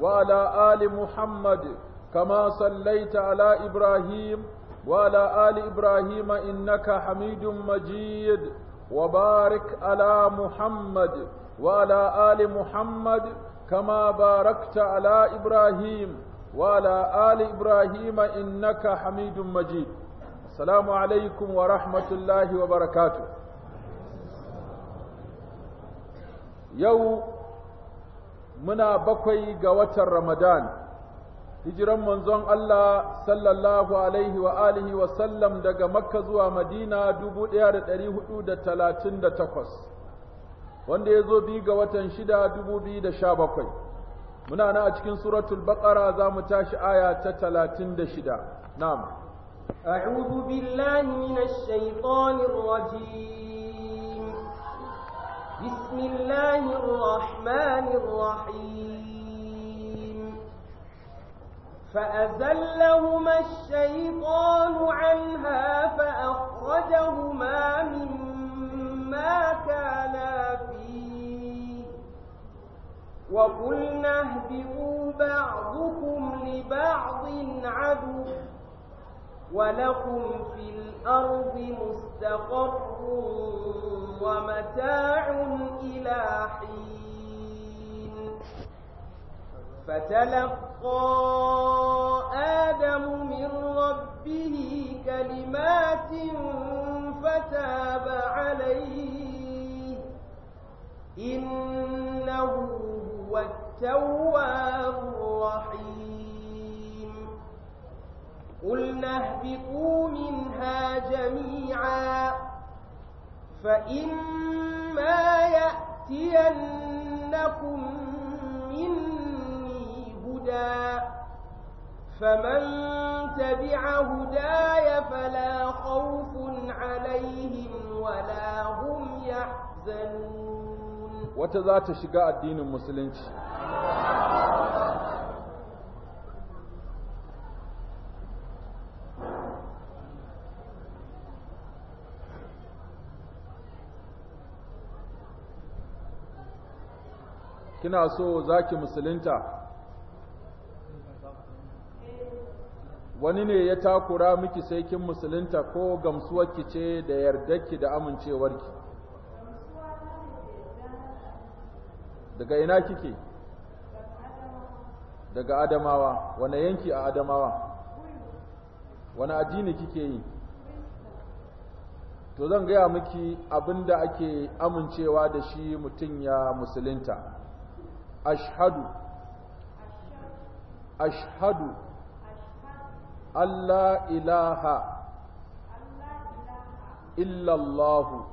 وعلى آل محمد كما صليت على إبراهيم وعلى آل إبراهيم إنك حميد مجيد وبارك على محمد وعلى آل محمد كما باركت على إبراهيم وعلى آل إبراهيم إنك حميد مجيد السلام عليكم ورحمة الله وبركاته يوم muna bakwai ga watan Ramadan, hijiran manzon Allah sallallahu Alaihi wa alihi wa sallam daga Makka zuwa Madina dubu ɗaya da ɗari huɗu da talatin da takwas, wanda ya zo bi ga watan shida dubu biyu da sha bakwai. Muna na a cikin suratul baƙara za mu tashi aya ta talatin da shida, na'am. أعوذ بالله من الشيطان الرجيم بسم الله الرحمن الرحيم فأزلهما الشيطان عنها فأخرجهما مما كانا فيه وقلنا اهدئوا بعضكم لبعض عدو ولكم في الأرض مستقر ومتاع إلى حين فتلقى آدم من ربه كلمات فتاب عليه إنه هو التواب الرحيم قلنا اهبطوا منها جميعا فإما يأتينكم مني هدى فمن تبع هداي فلا خوف عليهم ولا هم يحزنون وتذات شقاء الدين المسلمين kina so za ki musulunta wani ne ya takura miki sai kin musulunta ko gamsuwarki ce da yardarki da amincewarki daga ina kike daga adamawa wane yanki a adamawa wane addini kike yi to zan gaya miki abinda ake amincewa da shi mutum ya musulunta ashhadu ashhadu Allah ilaha illallahu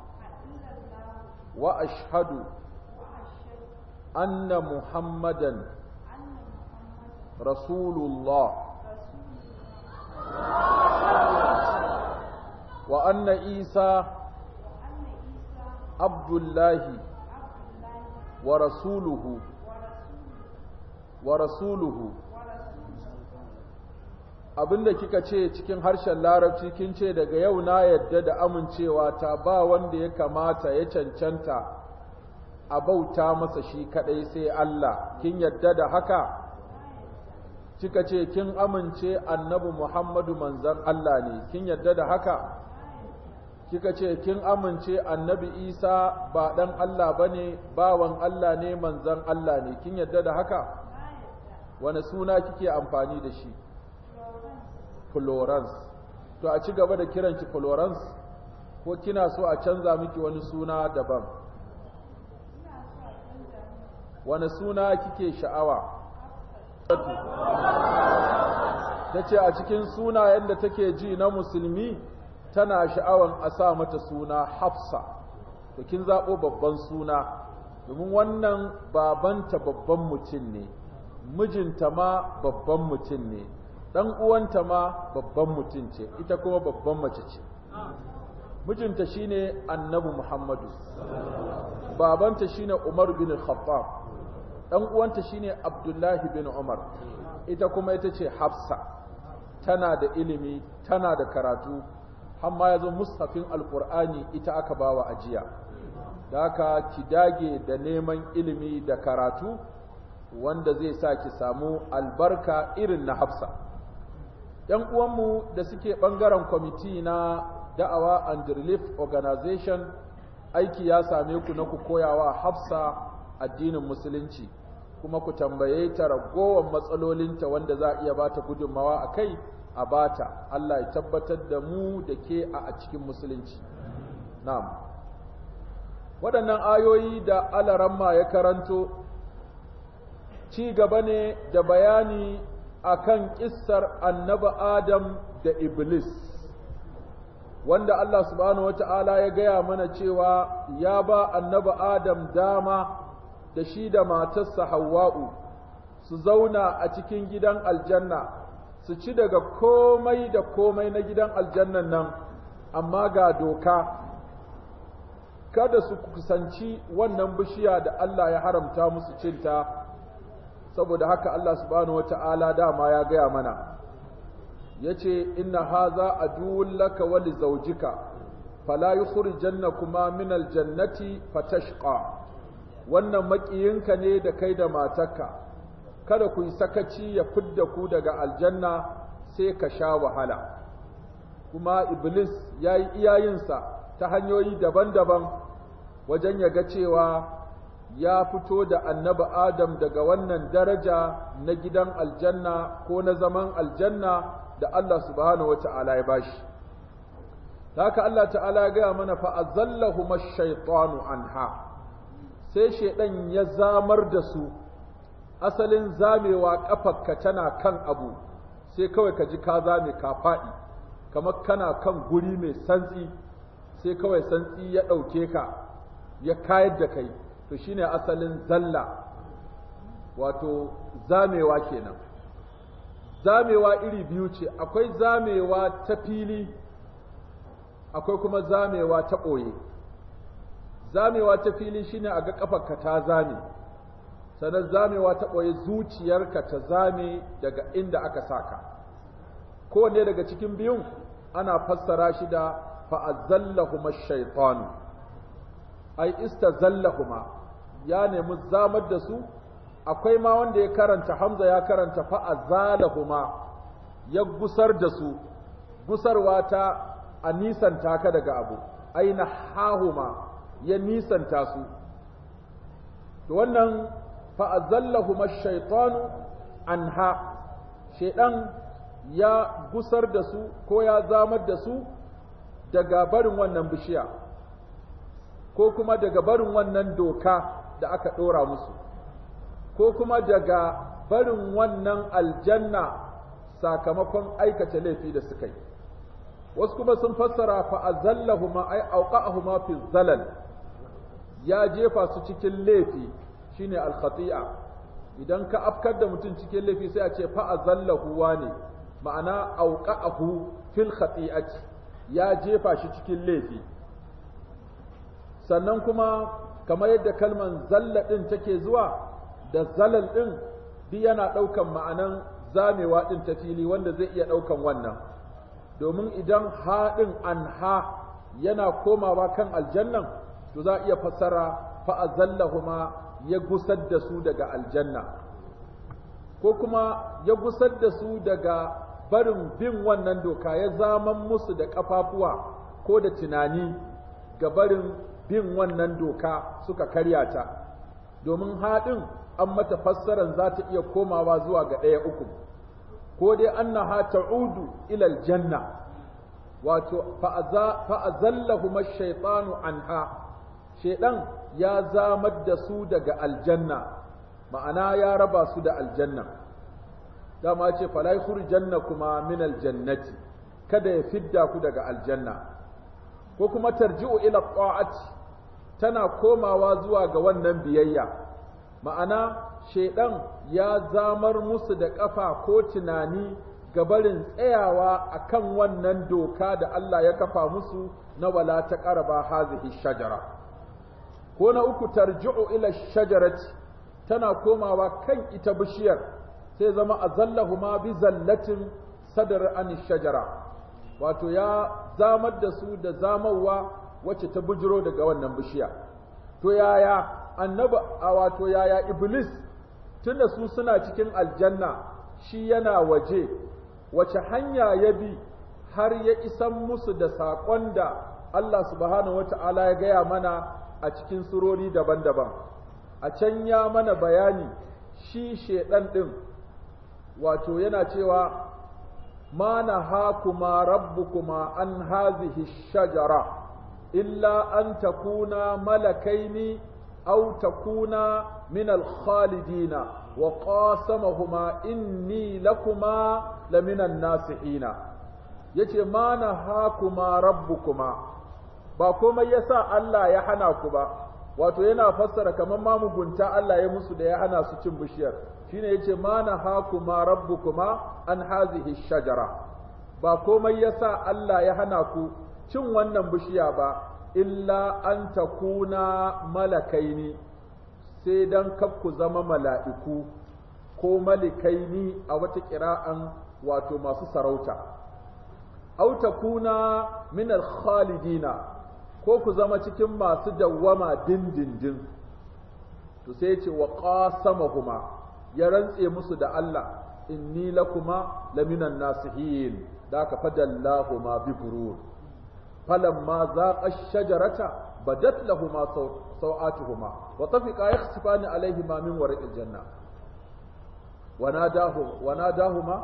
wa ashhadu anna muhammadan rasulullah wa anna isa abdullahi wa rasuluhu wa rasuluhu abinda kika ce cikin harshen larabci kin ce daga yau na yadda da amincewa ta ba wanda ya kamata ya cancanta a bauta masa shi kadai sai Allah kin yadda da haka kika ce kin amince annabi Muhammadu manzon Allah ne kin yadda da haka kika ce kin amince annabi Isa ba dan Allah bane bawan Allah ne manzon Allah ne kin yadda da haka wani suna kike amfani da shi Florence to a ci gaba da ki Florence ko kina so a canza miki wani suna daban wani suna kike sha'awa ta ce a cikin suna yadda take ji na musulmi tana sha'awan a sa mata suna hafsa to kin zaɓo babban suna domin wannan babanta babban mutum ne mijinta ma babban mutum ne Ɗan uwanta ma babban mutum ce ita kuma babban mace ce mijinta shine annabi muhammadu babanta shine umar bin khattab ɗan uwanta shine abdullahi bin umar ita kuma ita ce hafsa tana da ilimi tana da karatu ma yazo mushafin alqur'ani ita aka bawa ajiya da ki dage da neman ilimi da karatu wanda zai sa ki samu albarka irin na hafsa ‘yan uwanmu da suke ɓangaren kwamiti na da'awa and relief organization aiki ya same ku na ku koyawa hafsa addinin musulunci kuma ku tambaye ta ragowar matsalolinta wanda za a iya ba ta gudunmawa a kai a bata Allah ya tabbatar da mu da ke a cikin musulunci na'am waɗannan ayoyi da alaramma ya karanto ci gaba ne da bayani akan kissar annabi Adam da Iblis wanda Allah subhanahu wata'ala ya gaya mana cewa ya ba annabi Adam dama da shi da matarsa Hawwa'u su zauna a cikin gidan aljanna su ci daga komai da komai na gidan aljannan nan amma ga doka kada su kusanci wannan bishiya da Allah ya haramta musu cinta saboda haka Allah subhanahu wata'ala dama ya gaya mana yace inna haza aduwwun laka wa li zawjika fala kuma min aljannati fatashqa wannan makiyinka ne da kai da matarka kada ku yi sakaci ya fidda ku daga aljanna sai ka sha wahala kuma iblis yayi iyayinsa ta hanyoyi daban-daban wajen ya ga cewa ya fito da annaba Adam daga wannan daraja na gidan aljanna ko na zaman aljanna da Allah subhanahu wata'ala ya bashi haka Allah ta'ala ya gaya mana fa azallahum anha sai shedan ya zamar da su asalin zamewa kafarka tana kan abu sai kawai ka ji ka zame ka faɗi kamar kana kan guri mai santsi sai kawai santsi ya ɗauke ka ya kayar da kai to shine asalin zalla wato zamewa kenan zamewa iri biyu ce akwai zamewa ta fili akwai kuma zamewa ta ɓoye zamewa ta fili shine a ga ƙafarka ta zame sannan zamewa ta ɓoye zuciyarka ta zame daga inda aka saka kowanne daga cikin biyun ana fassara shi da fa'azallahuma shaitanu ai ma ya nemi zamar da su akwai ma wanda ya karanta hamza ya karanta fa'azalahuma ya gusar da su gusarwa ta a nisanta ka daga abu aina hahuma ya nisanta su to wannan fa'azallahuma shaitanu anha shaidan ya gusar da su ko ya zamar da su daga barin wannan bishiya ko kuma daga barin wannan doka da aka ɗora musu ko kuma daga barin wannan aljanna sakamakon aikata laifi da suka yi wasu kuma sun fassara fa'azallahuma ai auqa'ahuma fi zalal ya jefa su cikin laifi shine al idan ka afkar da mutum cikin laifi sai a ce fa'azallahu ne ma'ana auqa'ahu fil khati'ati ya jefa shi cikin laifi sannan kuma kamar yadda kalman zalla din take zuwa da zalal ɗin duk yana ɗaukan ma'anan zamewa ɗin ta fili wanda zai iya ɗaukan wannan domin idan ha din an ha yana komawa kan aljannan to za a iya fassara fa azallahuma ya gusar da su daga aljanna ko kuma ya gusar da su daga barin bin wannan doka ya zaman musu da ƙafafuwa ko da tunani ga barin bin wannan doka suka karya ta domin haɗin an mata fassaran za ta iya komawa zuwa ga ɗaya uku ko dai an na hata udu ilal janna, wato fa'azallahu ash an anha shaidan ya zamar da su daga aljanna ma'ana ya raba su da aljanna dama ce fala janna kuma min aljannati kada ya fidda ku daga aljanna ko kuma tarji'u ila ƙwa'ati tana komawa zuwa ga wannan biyayya ma'ana shaidan ya zamar musu da ƙafa ko tunani ga barin tsayawa a kan wannan doka da Allah ya kafa musu na wala ta qaraba hazihi shajara ko na uku tarji'u ila shajarati tana komawa kan ita bishiyar sai zama a zallahuma bi zallatin sadar an shajara wato ya zamar da su da zamarwa wacce ta bujiro daga wannan bishiya to yaya annabi a wato yaya iblis tunda su suna cikin aljanna shi yana waje wace hanya ya bi har ya isan musu da saƙon da Allah subhanahu wata'ala ya gaya mana a cikin surori daban-daban a can ya mana bayani shi shedan ɗin wato yana cewa ma Rabbu rabbukuma an hazihi shajara illa an malakai malakaini au takuna min al-khalidina wa qasamahuma inni lakuma laminan nasihina ce ma rabbu kuma. ba komai yasa Allah ya hana ku ba wato yana fassara kamar ma mugunta Allah ya musu da ya hana su cin bishiyar shine yace ma hakuma rabbukuma an hazihi shajara ba komai yasa Allah ya hana ku cin wannan bishiya ba illa an ta kuna malakaini sai dan ku zama mala'iku ko malikaini a wata kira'an wato masu sarauta au kuna min al-khalidina ko ku zama cikin masu dawwama dindindin to sai ce wa qasamahuma ya rantse musu da Allah inni lakuma laminan nasihin da ka ma bi فلما ذاق الشجرة بدت لهما سوآتهما وطفقا يخسفان عليهما من ورق الجنة وناداه وناداهما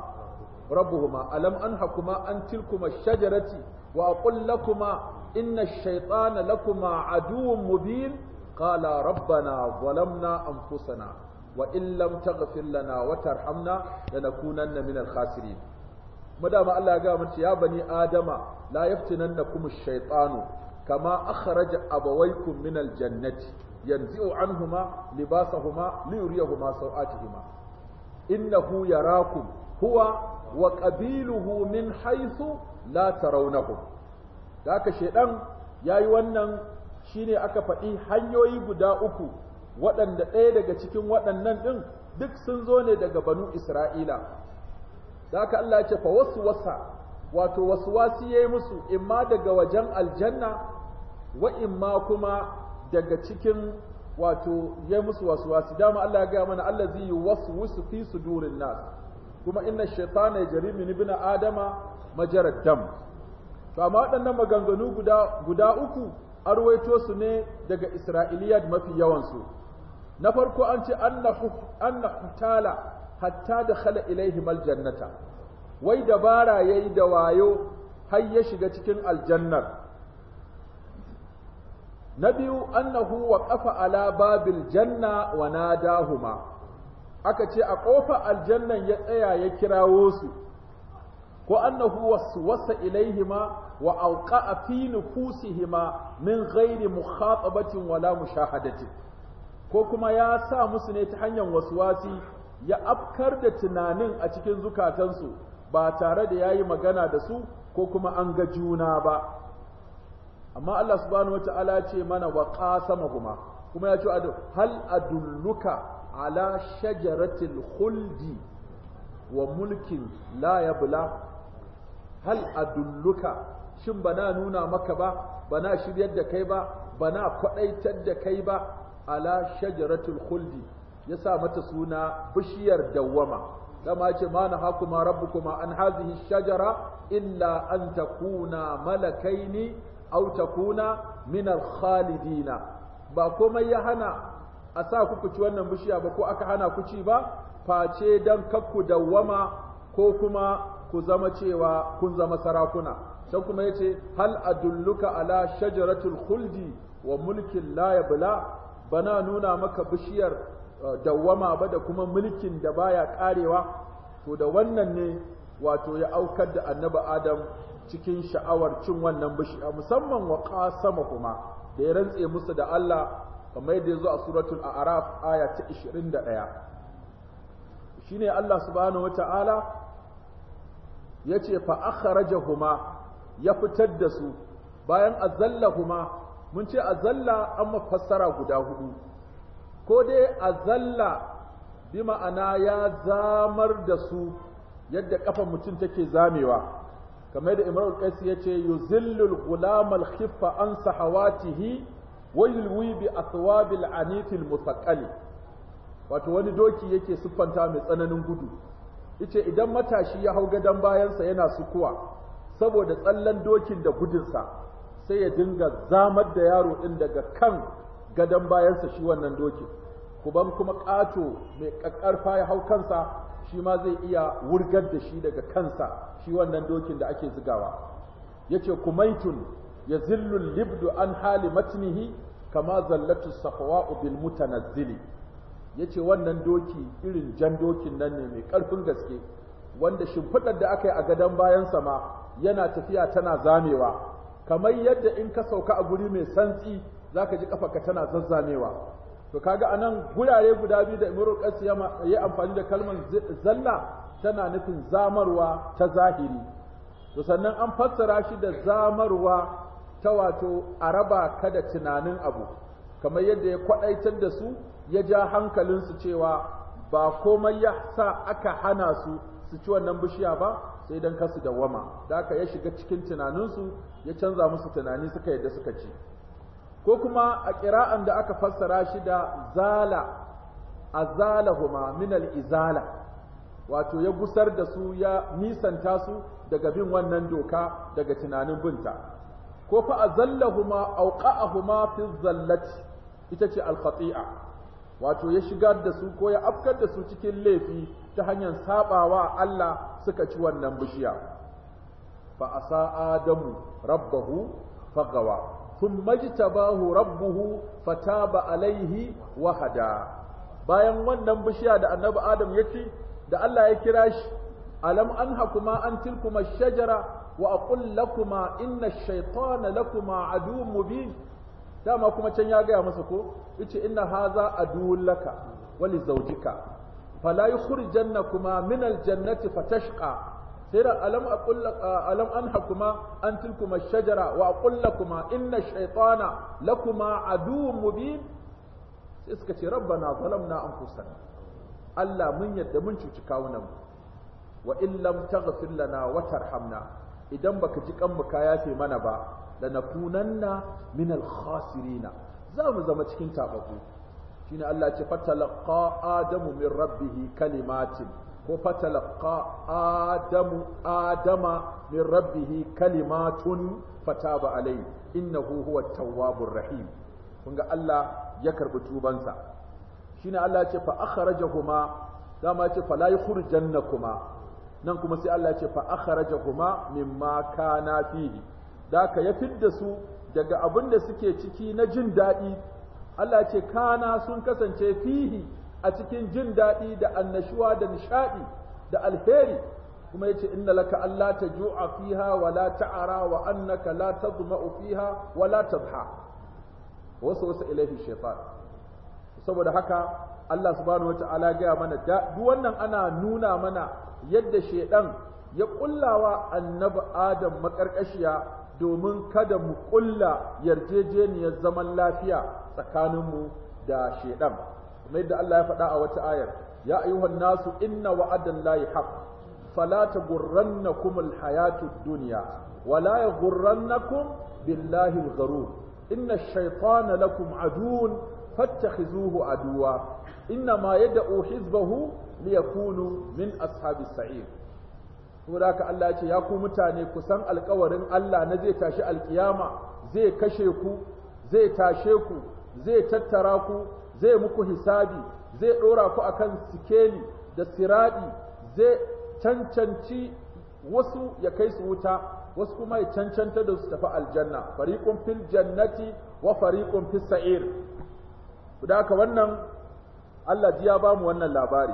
ربهما ألم أنهكما عن تلكما الشجرة وأقول لكما إن الشيطان لكما عدو مبين قال ربنا ظلمنا أنفسنا وإن لم تغفر لنا وترحمنا لنكونن من الخاسرين madama Allah ya ga mace ya bani adama la yaftinannakum ash-shaytanu kama akhraja abawaykum min al-jannati yanzi'u anhuma libasahuma yuriyahuma sawatihima innahu yarakum huwa wa qabiluhu min haythu la tarawnahum haka shedan yayi wannan shine aka faɗi hanyoyi guda uku waɗanda ɗaya daga cikin waɗannan ɗin duk sun zo ne daga banu Isra'ila da haka Allah ya ce fa waswasa wato waswasi yayi musu imma daga wajen aljanna wa imma kuma daga cikin wato yayi musu waswasi dama Allah ya ga mana allazi wasu fi sudurin nas kuma inna shaytana yajri min ibn adama majarad dam to amma waɗannan maganganu guda guda uku arwaito su ne daga Isra'iliyat mafi yawansu na farko an ce anna hutala hatta da khala ilaihim jannata, wai dabara yayi da wayo har ya shiga cikin aljannar na biyu annahu waqafa ala babil janna wa nadahuma aka ce a kofar aljannan ya tsaya ya kirawo su ko annahu waswasa ilaihima wa auqa'a fi nufusihima min ghairi mukhatabatin wala mushahadati ko kuma ya sa musu ne ta hanyar waswasi ya afkar da tunanin a cikin zukatansu ba tare da yayi magana da su ko kuma an ga juna ba amma Allah subhanahu wataala ce mana wa qasama kuma kuma ya ce hal adulluka ala shajaratil khuldi wa mulkin la yabla hal adulluka shin bana nuna maka ba bana shiryar da kai ba bana kwadaitar da kai ba ala shajaratul khuldi ya sa mata suna bishiyar dawwama dama ce ma na hakuma rabbukuma an hazihi shajara illa an takuna malakaini aw takuna min al-khalidina ba komai ya hana a sa ku ci wannan bishiya ba ko aka hana ku ci ba face dan kakku dawwama ko kuma ku zama cewa kun zama sarakuna sai kuma yace hal adulluka ala shajaratul khuldi wa mulkin la yabla bana nuna maka bishiyar Eh, dawwama ba da kuma mulkin da baya karewa to da wannan ne wato ya aukar da annabi adam cikin sha'awar cin wannan bishiya musamman wa qasama kuma da ya rantse musu da Allah kamar yadda yazo a suratul a'raf aya ta 21 shine Allah subhanahu wataala yace fa akhrajahuma ya fitar da su bayan azallahuma mun ce azalla an mafassara guda hudu ko dai a zalla bi ma'ana ya zamar da su yadda kafan mutum take zamewa kamar da imrul qais yace yuzillul gulam al khiffa an sahawatihi wa yulwi bi athwabil anifil muthaqqali wato wani doki yake siffanta mai tsananin gudu yace idan matashi ya hau gadon bayansa yana sukuwa saboda tsallan dokin da gudunsa sai ya dinga zamar da yaro ɗin daga kan gadon bayansa shi wannan dokin kuban kuma ƙato mai ƙaƙƙarfa ya hau kansa shi ma zai iya wurgar da shi daga kansa shi wannan dokin da ake zigawa Ya yace kumaitun ya zillul libdu an hali matnihi kama zallatu safawa safawa'u zili Ya ce wannan doki irin jan dokin nan ne mai ƙarfin gaske wanda shimfiɗar da aka yi a gadon bayansa ma yana tafiya tana zamewa kamar yadda in ka sauka a guri mai santsi Za ka ji ka tana zazzamewa to ka ga anan gurare guda biyu da Imrul ƙasi ya amfani da kalmar zalla tana nufin zamarwa ta zahiri to sannan an fassara shi da zamarwa ta wato a raba kada tunanin abu kamar yadda ya kwaɗaitar da su ya ja hankalinsu cewa ba komai ya sa aka hana su su ci wannan bishiya ba sai dan kasu dawwama da aka ya shiga cikin tunaninsu ya canza musu tunani suka yadda suka ci ko kuma a ƙira'an da aka fassara shi da zala a azalahuma min al'izala, izala wato ya gusar da su ya nisanta su daga bin wannan doka daga tunanin binta ko fa a zalla auka a huma fi zallaci ita ce alfatia, wato ya shigar da su ko ya afkar da su cikin laifi ta hanyar saɓawa Allah suka ci wannan bishiya fa a adamu rabbahu fagawa ثم اجتباه ربه فتاب عليه وهدى bayan wannan bishiya da annabi adam ya ce da Allah ya kira shi alam an hakuma an tilkuma shajara wa aqul lakuma inna ash-shaytana lakuma aduwwun mubin dama kuma can ya gaya masa ko yace inna hadha aduwwun laka wa li zawjika fala yukhrijannakuma min al-jannati fatashqa sai da alam aqulla ah, alam anhakuma an tilkuma shajara wa a aqullakuma inna shaytana lakuma aduwwun mubin sai suka ce rabbana zalamna anfusana Allah mun yadda mun cuci kawunan wa in lam taghfir lana wa tarhamna idan baka ji kanmu kaya ka mana ba lanakunanna min al-khasirina za mu zama cikin tabaku shine Allah ce fatalaqa adamu min rabbihi kalimatin ko fatalaqqa adamu adama min rabbihi kalimatun fataba alai innahu huwa tawwabur rahim kun ga Allah ya karbi tubansa shine Allah ya ce fa akhrajahuma dama ce fa la yakhrujannakuma nan kuma sai Allah ya ce fa akhrajahuma mimma kana fihi daka ya fidda su daga abin da suke ciki na jin daɗi Allah ce kana sun kasance fihi a cikin jin daɗi da annashuwa da nishaɗi da alheri kuma yace inna laka alla taju'a fiha wa la ta'ara wa annaka la tadma'u fiha wa la tadha wasawasa ilayhi shaytan saboda haka Allah subhanahu wata'ala ga mana duk wannan ana nuna mana yadda shaydan ya kullawa annabi Adam makarkashiya domin kada mu kulla yarjejeniyar zaman lafiya tsakaninmu da shaydan kamar yadda Allah ya faɗa a wata ayar ya ayyuhan nasu inna wa'adan lahi haq fala taghurrannakum alhayatud dunya wala yaghurrannakum billahi algharur inna ash-shaytana lakum aduun fattakhizuhu aduwa inna ma yad'u hizbahu liyakunu min ashabis sa'ir saboda haka Allah ya ce ya ku mutane ku san alƙawarin Allah na zai tashi alkiyama zai kashe ku zai tashe ku zai tattara ku zai muku hisabi zai ɗora ku akan sikeli da siradi zai cancanci wasu ya kai su wuta wasu kuma ya cancanta da su tafi aljanna fariqun fil jannati wa fariqun fis sa'ir da haka wannan Allah ji ya ba mu wannan labari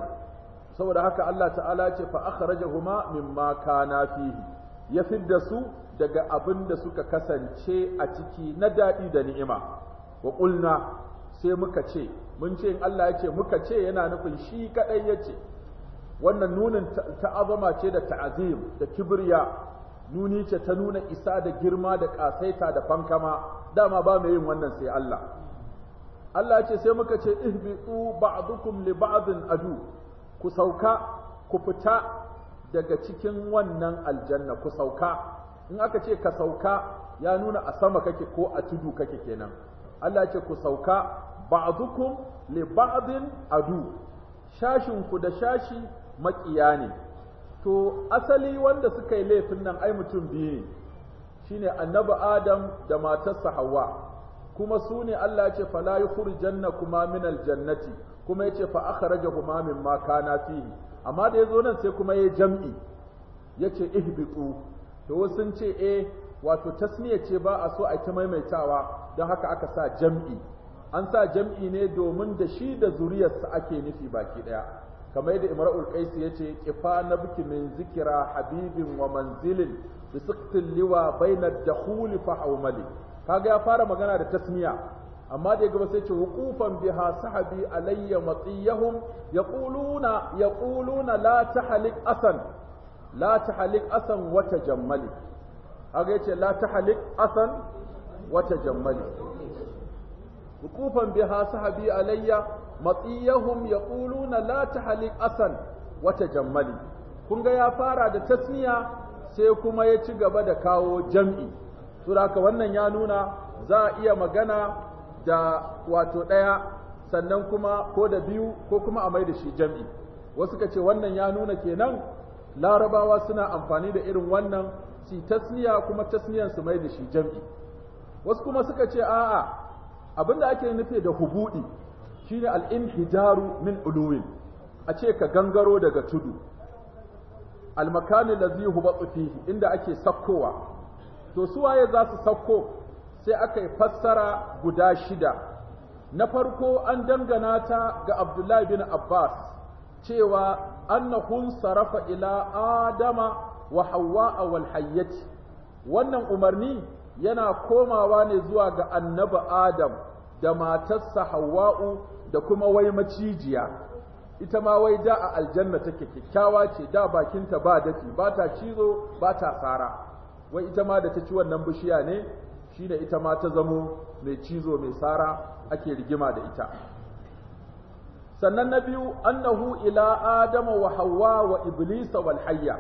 saboda haka Allah ta'ala ce fa akhrajahuma mimma kana fihi ya fidda su daga abin da suka kasance a ciki na daɗi da ni'ima wa qulna sai muka ce mun ce in Allah ya ce muka ce yana nufin shi kadai ya ce wannan nunin ta'azama ce da ta'azim da kibriya nuni ce ta nuna isa da girma da kasaita da fankama dama ba mai yin wannan sai Allah Allah ce sai muka ce ihbitu ba'dukum li ba'din adu ku sauka ku fita daga cikin wannan aljanna ku sauka in aka ce ka sauka ya nuna a sama kake ko a tudu kake kenan Allah ce ku sauka ba'dukum li ba'din adu shashin ku da shashi makiya ne to asali wanda suka yi laifin nan ai mutum biyu ne shine annabi adam da matarsa hawa kuma su ne Allah ya ce fala kuma min jannati kuma ya ce fa min ma kana fihi amma da yazo nan sai kuma ya jam'i yace ihbitu to sun ce eh wato tasniya ce ba a so a ta maimaitawa don haka aka sa jam'i an sa jam'i ne domin da shi da zuriyarsa ake nufi baki daya kamar yadda imra'ul ya yace kifa nabki min zikra habibin wa manzilin bi siqtil liwa bayna ad fa hawmali kaga ya fara magana da tasmiya amma da gaba sai ce wuqufan biha sahabi alayya matiyahum yaquluna yaquluna la tahlik asan la tahlik asan wa tajammali kaga yace la tahlik asan wa tajammali وقوفا بها صحبي علي مطيهم يقولون لا تحلق أسن وتجملي kun ga ya fara da tasniya sai kuma ya ci gaba da kawo jam'i suraka wannan ya nuna za a iya magana da wato ɗaya sannan kuma ko da biyu ko kuma a mai da shi jam'i wasu ka ce wannan ya nuna kenan larabawa suna amfani da irin wannan si tasniya kuma tasniyan su mai da shi jam'i wasu kuma suka ce a'a abinda ake nufi da hubudi shine al-inhijaru min uluwin a ce ka gangaro daga tudu al-makani allazi hubatu fihi inda ake sakkowa to su waye za su sakko sai aka yi fassara guda shida na farko an dangana ta ga Abdullahi bin Abbas cewa annahun sarafa ila Adama wa Hawwa wal hayyati wannan umarni yana komawa ne zuwa ga annabi Adam da matarsa Hawwa'u da kuma wai macijiya ita ma wai da a aljanna take kikkiawa ce da bakinta ba dafi ba ta cizo ba ta sara wai ita ma da ta ci wannan bishiya ne shine ita ma ta zamo mai cizo mai sara ake rigima da ita sannan na biyu annahu ila adama wa hawwa wa iblisa wal hayya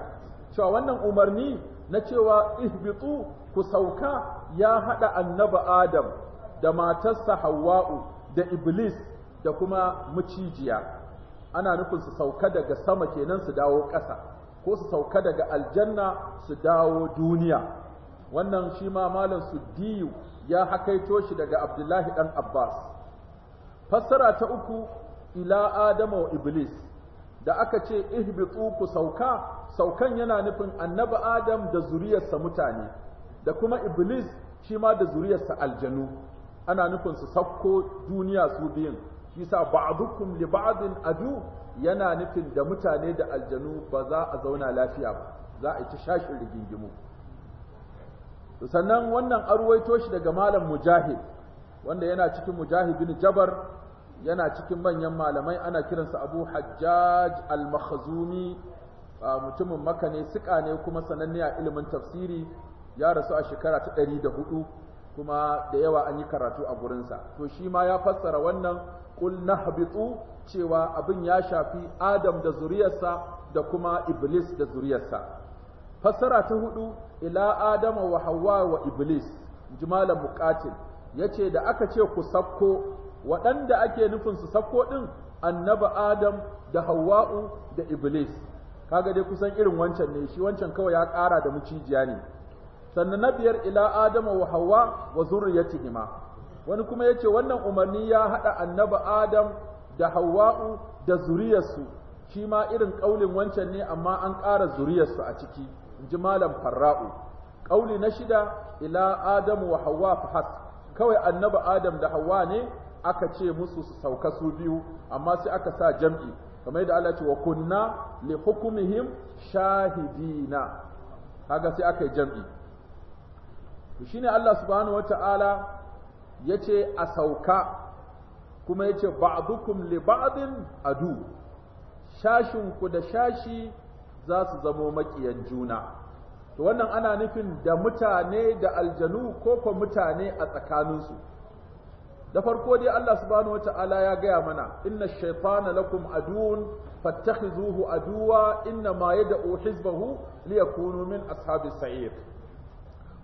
cewa wannan umarni na cewa ihbitu ku sauka ya haɗa annaba Adam da matarsa Hawwa'u da Iblis da kuma macijiya ana nufin su sauka daga sama kenan su dawo ƙasa ko su sauka daga aljanna su dawo duniya wannan shi ma malam Suddiyu ya hakaito shi daga Abdullahi dan Abbas fassara ta uku ila Adama wa Iblis da aka ce ihbitu ku sauka saukan yana nufin annaba Adam da zuriyarsa mutane da kuma iblis shi ma da zuriyarsa aljanu ana nufin su sakko duniya su biyun shi sa ba'dukum li ba'din adu yana nufin da mutane da aljanu ba za a zauna lafiya ba za a ci shashin rigingimu sannan wannan arwaito shi daga malam mujahid wanda yana cikin mujahid bin jabar yana cikin manyan malamai ana kiransa abu hajjaj al-makhzumi ah, mutumin maka ne suka ne kuma sananne a ilimin tafsiri ya rasu a shekara ta ɗari da hudu kuma da yawa an yi karatu a gurinsa to shi ma ya fassara wannan kul habitsu cewa abin ya shafi adam da zuriyarsa da kuma iblis da zuriyarsa fassara ta hudu ila adama wa hawa wa iblis jimalan ya ce da aka ce ku sakko waɗanda ake nufin su sakko ɗin annaba adam da hawa'u da iblis kaga dai kusan irin wancan ne shi wancan kawai ya ƙara da mucijiya ne sannan na biyar ila adama wa hawa wa zurriyatihima wani kuma yace wannan umarni ya hada annabi adam da hawa'u da zuriyarsu shi ma irin kaulin wancan ne amma an ƙara zuriyarsu a ciki inji malam farra'u kauli na shida ila adamu wa hawa fahas kawai annabi adam da hawa ne aka ce musu su sauka su biyu amma sai aka sa jam'i kamar yadda Allah ya ce wa kunna li hukmihim shahidina kaga sai aka yi jam'i to shine Allah subhanahu wata'ala yace a sauka kuma yace ba'dukum li ba'din adu shashin ku da shashi za su zamo makiyan juna to wannan ana nufin da mutane da aljanu ko ko mutane a tsakaninsu da farko dai Allah subhanahu wata'ala ya gaya mana inna shaytana lakum aduun fattakhizuhu aduwa inna ma yad'u hizbahu liyakunu min ashabis sa'ir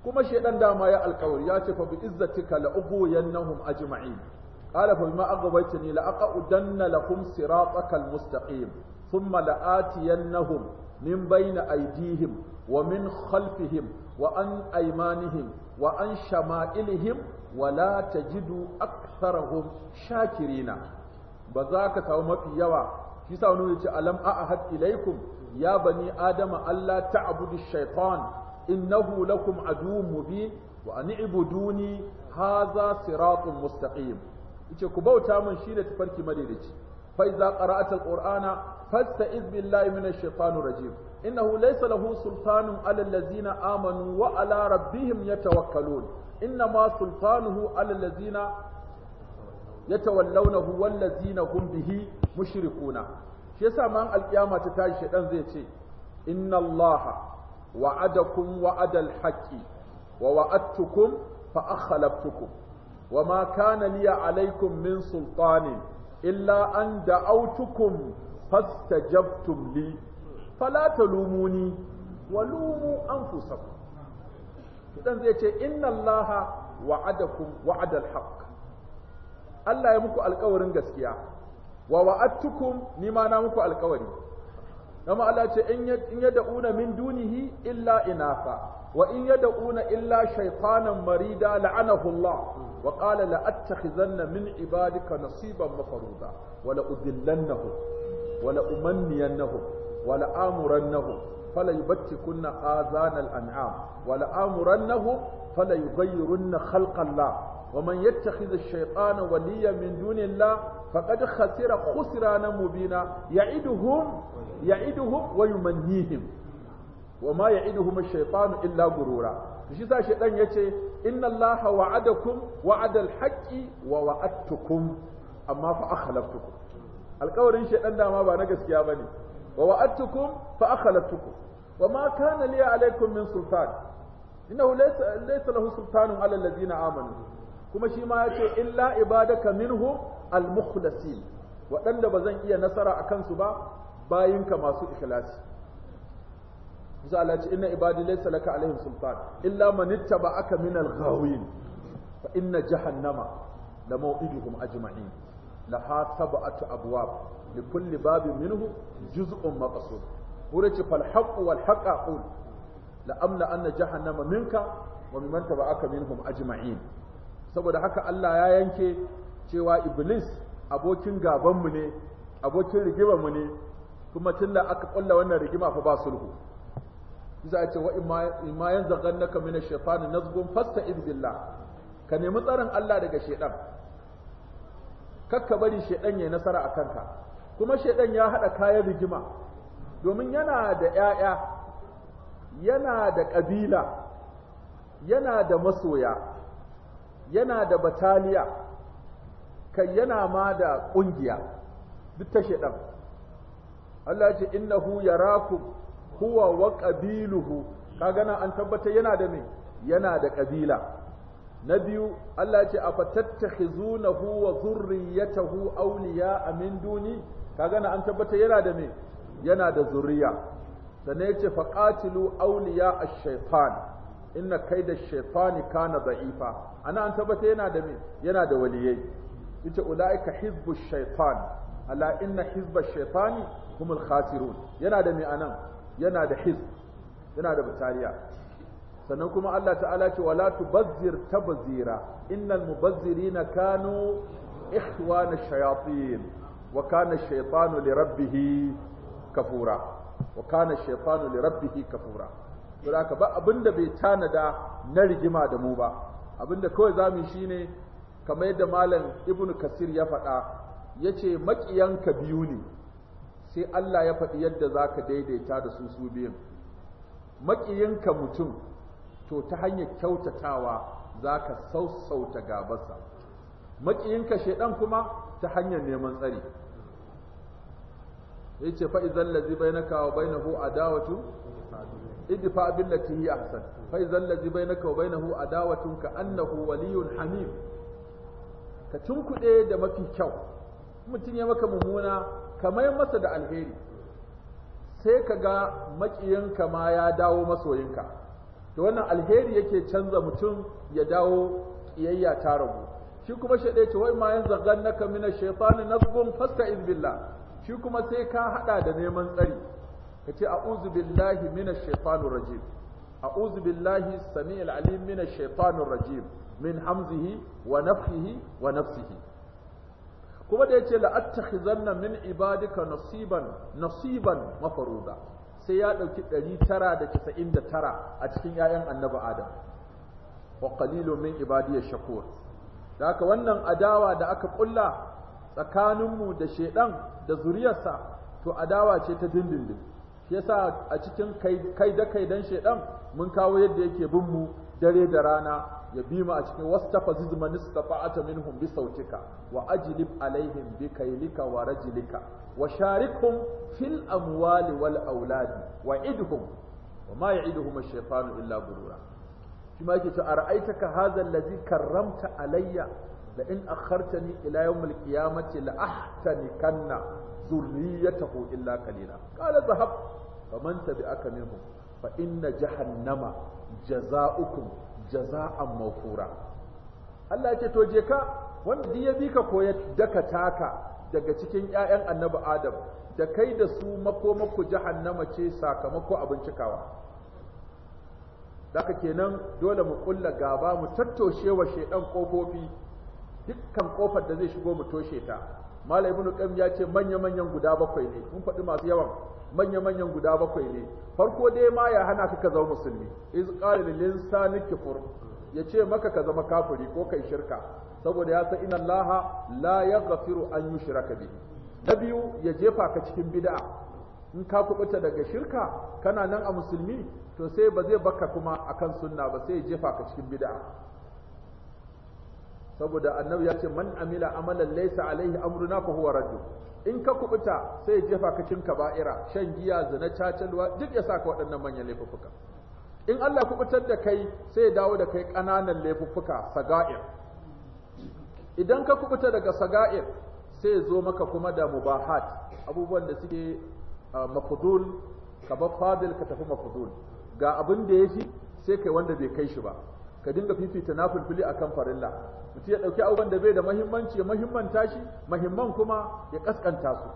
kuma shaidan dama ya alkawari ya ce fa bi izzatika la ughwiyannahum ajma'in qala fa bima aghwaytani la aqudanna lakum siratakal mustaqim thumma la atiyannahum min bayna aydihim wa min khalfihim wa an aymanihim wa an shama'ilihim wa la tajidu aktharahum shakirina ba za ka samu mafi yawa shi sa wani ya ce alam a ahad ilaikum ya bani adama allah ta'budu shaytan innahu lakum aduwwun mubin wa an ibuduni hadha siratun mustaqim yace ku bauta mun shi da tafarki madaidaici fa idza qara'ata alqur'ana fasta'iz billahi minash shaitanir rajim innahu laysa lahu sultanun 'ala allazina amanu wa 'ala rabbihim yatawakkalun innama sultanuhu 'ala allazina yatawallawnahu wallazina hum bihi mushrikuna shi yasa man alkiyama ta tashi shedan zai ce inna allaha wa'adakum wa'adal haqqi wa wa'adtukum fa akhlaftukum وما كان لي عليكم من سلطان إلا أن دعوتكم فاستجبتم لي فلا تلوموني ولوموا أنفسكم idan zai ce inna allaha wa'adakum wa'adal haqq Allah ya muku alƙawarin gaskiya wa wa'adtukum ni ma na muku alƙawari kama Allah ce in yad'una min dunihi illa inafa wa in yad'una illa shaytanan marida la'anahullah wa qala la attakhizanna min ibadika nasiban mafruda wa la udillannahum wa la wa la fala yubtikunna azana al-an'am wa la amurannahum fala yughayyirunna khalqa Allah wa man yattakhidha ash-shaytana waliyan min duni faqad khasira khusrana mubina ya'iduhum ya'iduhum wa yumannihim wa ma ya'iduhum ash-shaytanu illa gurura to shi sa shaytan yace inna allaha wa'adakum wa'ada al-haqqi wa wa'adtukum amma fa akhlaftukum alƙawarin shaytan dama ba na gaskiya ba ne wa wa'adtukum fa akhlaftukum wa ma kana li alaykum min sultan innahu laysa laysa lahu sultanun ala alladhina amanu kuma shi ma yace illa ibadaka minhum al-mukhlasin waɗanda ba zan iya nasara a kansu ba bayinka masu ikhlasi za Allah ce inna ibadi laysa laka alaihim sultan illa man ittaba'aka min al-ghawin fa inna jahannama la maw'iduhum ajma'in laha sab'atu abwab li kulli babin minhu juz'un maqsud ce fal haqqu wal haqqa la amla anna jahannama minka wa mimman taba'aka minhum ajma'in saboda haka Allah ya yanke cewa iblis abokin gabanmu ne abokin rigimarmu ne kuma tunda aka kulla wannan rigima fa ba sulhu za a ce wa imma yanzaghannaka min ash-shaytan nazghun fasta billah ka nemi tsaron Allah daga shedan kakka bari shedan yayi nasara a kanka kuma shedan ya hada kayan rigima domin yana da 'ya'ya, yana da kabila yana da masoya yana da bataliya kai yana ma da ƙungiya duk ta shaɗan Allah ce innahu yarakum huwa wa qabiluhu kaga nan an tabbata yana da me yana da kabila na biyu Allah ce a afatattakhizunahu huwa zurriyatahu awliya min duni kaga nan an tabbata yana da me yana da zuriya sannan yace faqatilu awliya ash-shaytan inna kai ash-shaytani kana da'ifa ana an tabbata yana da yana da waliyai yace ulaika hizbu shaitan ala inna hizba shaitani humul khasirun yana da mai anan yana da hizb yana da batariya sannan kuma Allah ta'ala ce wala tubazzir tabzira innal mubazzirina kanu ikhwana shayatin wa kana ash-shaytanu li rabbih kafura wa kana ash-shaytanu li rabbih kafura saboda ba abinda bai tanada na rigima da mu ba abinda kawai zamu shine kamar yadda malam ibnu kasir ya faɗa yace maƙiyanka biyu ne sai Allah ya faɗi yadda zaka daidaita da su su biyun Maƙiyinka mutum to ta hanyar kyautatawa zaka sausauta gabarsa makiyinka shedan kuma ta hanyar neman tsari yace fa idzal ladzi bainaka wa bainahu adawatu idfa billati hi ahsan fa idza ladhi bainaka wa bainahu adawatun ka annahu waliyyun hamim ka tunkude da mafi kyau mutun ya maka mummuna ka masa da alheri sai ka ga maƙiyinka ma ya dawo masoyinka da wannan alheri yake canza mutum ya dawo kiyayya ta rabu shi kuma shaɗe ce wai ma yanzu ganna ka mina shaitani fasta billah shi kuma sai ka haɗa da neman tsari ce a'udhu billahi minash shaitanir rajim a'udhu billahi samiil alim minash shaitanir rajim min hamzihi wa nafhihi wa nafsihi kuma da yace la attakhizanna min ibadika nasiban nasiban mafruda sai ya dauki 999 a cikin yayan annabi adam wa qalilun min ibadiyash shakur da haka wannan adawa da aka kulla tsakaninmu da shaidan da zuriyarsa to adawa ce ta dindindin shi yasa a cikin kai da kai dan shedan mun kawo yadda yake bin mu dare da rana ya bi mu a cikin wastafa zizman istafa'ata minhum bi sautika wa ajlib alaihim bi kaylika wa rajlika wa sharikhum fil amwali wal auladi wa idhum wa ma ya'iduhum ash-shaytanu illa gurura shi ma yake cewa ara'aitaka hadha allazi karramta alayya la in akhartani ila yawm al-qiyamati la ahtanikanna zurriyatahu illa qalila qala zahab faman tabi'aka minhum fa inna jahannama jaza'ukum jaza'an Allah ya ce to je ka wanda ya bi ka koya daka taka daga cikin ƴaƴan annabi Adam da kai da su mako-mako jahannama ce sakamako abin cikawa daga kenan dole mu kulla gaba mu tattoshe wa shedan kofofi dukkan kofar da zai shigo mu toshe ta malam Ibn qayyim ya ce manya manyan guda bakwai ne mun faɗi masu yawan manya manyan guda bakwai ne farko dai ma ya hana ka zama musulmi iz qala lil insani kufur ya ce maka ka zama kafiri ko kai shirka saboda ya san inna allaha la yaghfiru an yushraka bi. na biyu ya jefa ka cikin bid'a in ka kubuta daga shirka kana nan a musulmi to sai ba zai baka kuma akan sunna ba sai ya jefa ka cikin bid'a saboda annabi ya ce man amila amalan laysa alaihi amruna fa huwa raddu in ka kubuta sai jefa ka cin kaba'ira shan giya zina cacalwa duk ya saka waɗannan manyan laifuffuka in Allah kubutar da kai sai ya dawo da kai ƙananan laifuffuka saga'ir idan ka kubuta daga saga'ir sai ya zo maka kuma da mubahat abubuwan da suke ah, mafudul ka bar fadil ka tafi mafudul ga abin da ya fi sai kai wanda bai kai shi ba ka dinga fifita na a kan farilla mutum ya ɗauki abubuwan da bai da mahimmanci ya mahimmanta shi mahimman kuma ya ƙasƙanta su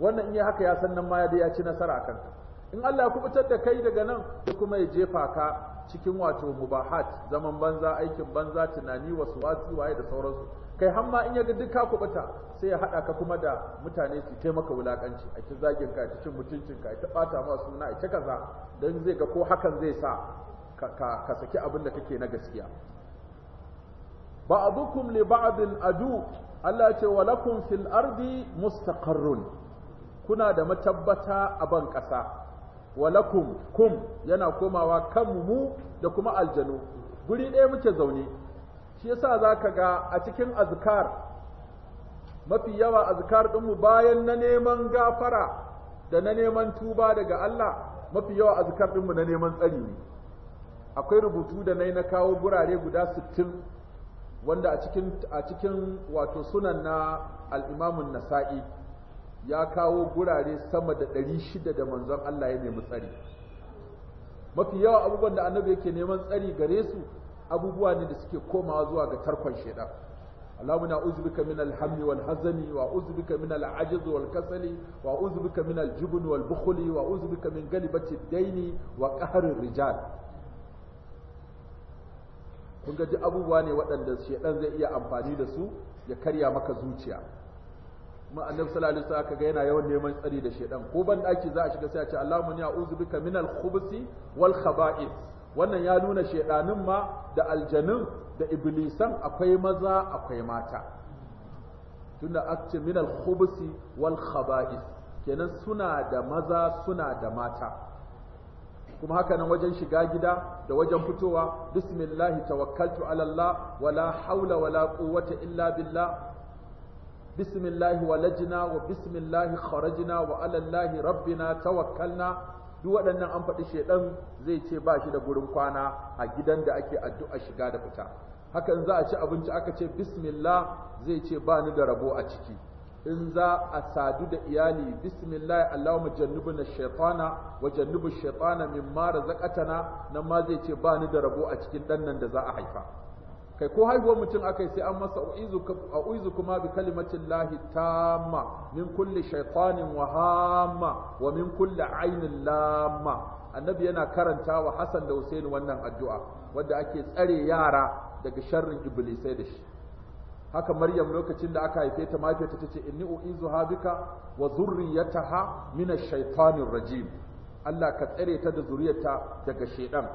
wannan in ya haka ya san nan ma ya dai ya ci nasara a kanka. in Allah ya kubutar da kai daga nan da kuma ya jefa ka cikin wato mubahat zaman banza aikin banza tunani wasu wasu waye da sauransu kai hamma in ya ga duk ka kubuta sai ya haɗa ka kuma da mutane su taimaka wulakanci a zagin ka ci cin mutuncin ka ta ɓata ma suna a kaza Don zai ga ko hakan zai sa ka saki abin da kake na gaskiya Ba ba'dukum li ba'din adu Allah ce wa lakum fil ardi mustaqarrun kuna da matabbata a ban ƙasa wa lakum kum yana komawa kan mu da kuma aljanu guri ɗaya muke zaune shi yasa zaka ga a cikin azkar mafi yawa azkar din mu bayan na neman gafara da na neman tuba daga Allah mafi yawa azkar din mu na neman tsari ne akwai rubutu da nai na kawo gurare guda 60 wanda a cikin a cikin wato sunan na al-Imam nasai ya kawo gurare sama da 600 da manzon Allah ya nemi tsari mafi yawa abubuwan da annabi yake neman tsari gare su abubuwa ne da suke komawa zuwa ga tarkon shaidan اللهم انا اعوذ بك من الهم والحزن wa بك من العجز والكسل واعوذ بك من الجبن والبخل واعوذ بك من غلبة wa وقهر rijal. kun gaji abubuwa ne waɗanda shedan zai iya amfani da su ya karya maka zuciya kuma annabi sallallahu alaihi wasallam kaga yana yawan neman tsari da shedan ko ban daki za a shiga sai a ce Allahumma ni a'udhu bika minal khubuthi wal khaba'ith wannan ya nuna shedanin ma da aljanun da iblisan akwai maza akwai mata tunda akce minal khubuthi wal khaba'ith kenan suna da maza suna da mata kuma haka nan wajen shiga gida da wajen fitowa bismillahi tawakkaltu ala Allah wala haula wala quwwata illa billah bismillahi walajna wa bismillahi kharajna wa ala Allah rabbina tawakkalna duk waɗannan an faɗi shedan zai ce ba shi da gurin kwana a gidan da ake addu'a shiga da fita hakan za a ci abinci aka ce bismillah zai ce ba ni da rabo a ciki in za a sadu da iyali bismillah allahumma na shaitana wa jannibu min mara razaqatana nan ma zai ce ba ni da rabo a cikin dan nan da za a haifa kai ko haihuwar mutum akai sai an masa u'izu kuma bi kalimatin lahi tamma min kulli shaytanin wa hamma wa min kulli ainin lama. annabi yana karanta wa hasan da husaini wannan addu'a wanda ake tsare yara daga sharrin iblisai da shi haka maryam lokacin da aka haife ta mafiyarta ta ce inni u'izu bika wa zurriyataha min ash-shaytanir rajim Allah ka tsare ta da zuriyarta daga shedan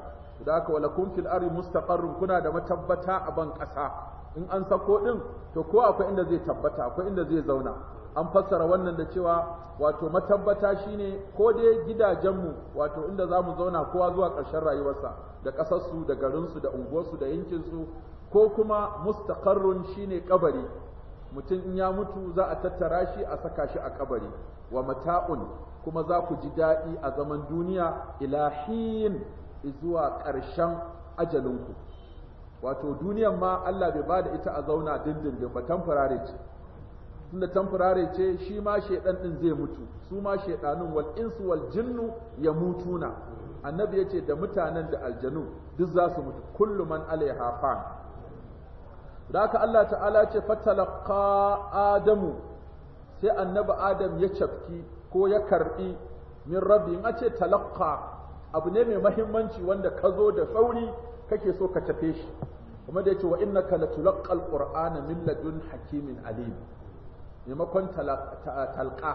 da haka wala kun fil ardi mustaqarrun kuna da matabbata a ban kasa in an sako din to ko akwai inda zai tabbata akwai inda zai zauna an fassara wannan da cewa wato matabbata shine ko dai gidajenmu wato inda zamu zauna kowa zuwa ƙarshen rayuwarsa da ƙasarsu da garinsu da unguwarsu da yankinsu ko kuma mustaqarrun shine kabari mutum in ya mutu za a tattara shi a saka shi a kabari wa mata'un kuma za ku ji daɗi a zaman duniya ilahin zuwa ƙarshen ajalinku wato duniyan ma Allah bai ba da ita a zauna dindindin ba tamfurare ce tunda tamfurare ce shi ma shaidan din zai mutu su ma shaidanun wal insu wal jinnu ya mutuna annabi yace da mutanen da aljanu duk za su mutu kullu man alaiha fa da aka Allah ta'ala ce fatalaqa adamu sai annabi adam ya cafki ko ya karbi min rabbi in ce talaka abu ne mai mahimmanci wanda ka zo da sauri kake so ka tafe shi kuma da yace wa innaka latulaqqal qur'ana min ladun hakimin alim maimakon talqa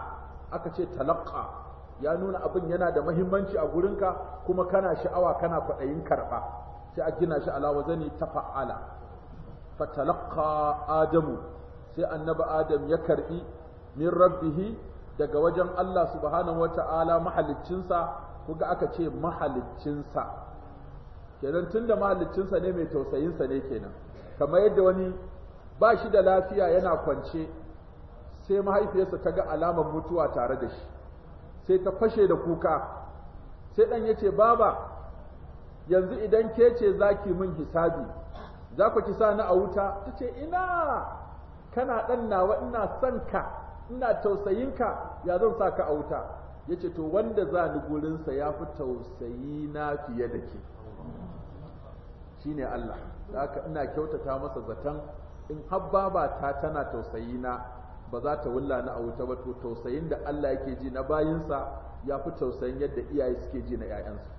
aka ce talaqqa ya nuna abin yana da mahimmanci a gurinka kuma kana sha'awa kana kwaɗayin karɓa sai a gina shi ala wazani tafa'ala Fatalaka adamu sai annabi adam ya karbi min rabbihi daga wajen Allah subhanahu wata'ala mahaliccinsa kuga aka ce mahaliccinsa kenan tunda mahaliccinsa ne mai tausayinsa ne kenan kamar yadda wani ba shi da lafiya yana kwance sai mahaifiyarsa ta ga alamar mutuwa tare da shi sai ta fashe da kuka sai dan yace baba yanzu idan ke ce zaki min hisabi za ku ki ni a wuta ta ce ina kana ɗan nawa ina son ka ina tausayin ka? ya zan sa ka a wuta ya ce to wanda za ni gurinsa ya fi tausayi na fiye da ke shi ne Allah da aka ina kyautata masa zaton in habba ba ta tana tausayi na ba za ta wulla ni a wuta ba to tausayin da Allah yake ji na bayinsa ya fi tausayin yadda iyaye suke ji na 'ya'yansu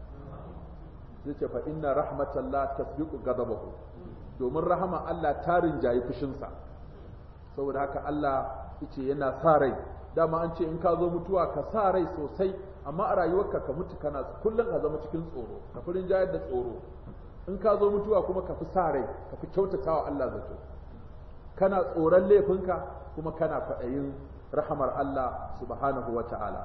zai ce fa inna rahmatallah tasbiqu ghadabahu domin rahama Allah tarin jayi fushinsa saboda haka Allah yace yana sa rai dama an ce in ka zo mutuwa ka sa rai sosai amma a rayuwarka ka mutu kana kullum a zama cikin tsoro ka fi rinjayar da tsoro in ka zo mutuwa kuma ka fi sa rai ka fi kyautata wa Allah zato kana tsoron laifinka kuma kana kwaɗayin rahamar Allah subhanahu wa ta'ala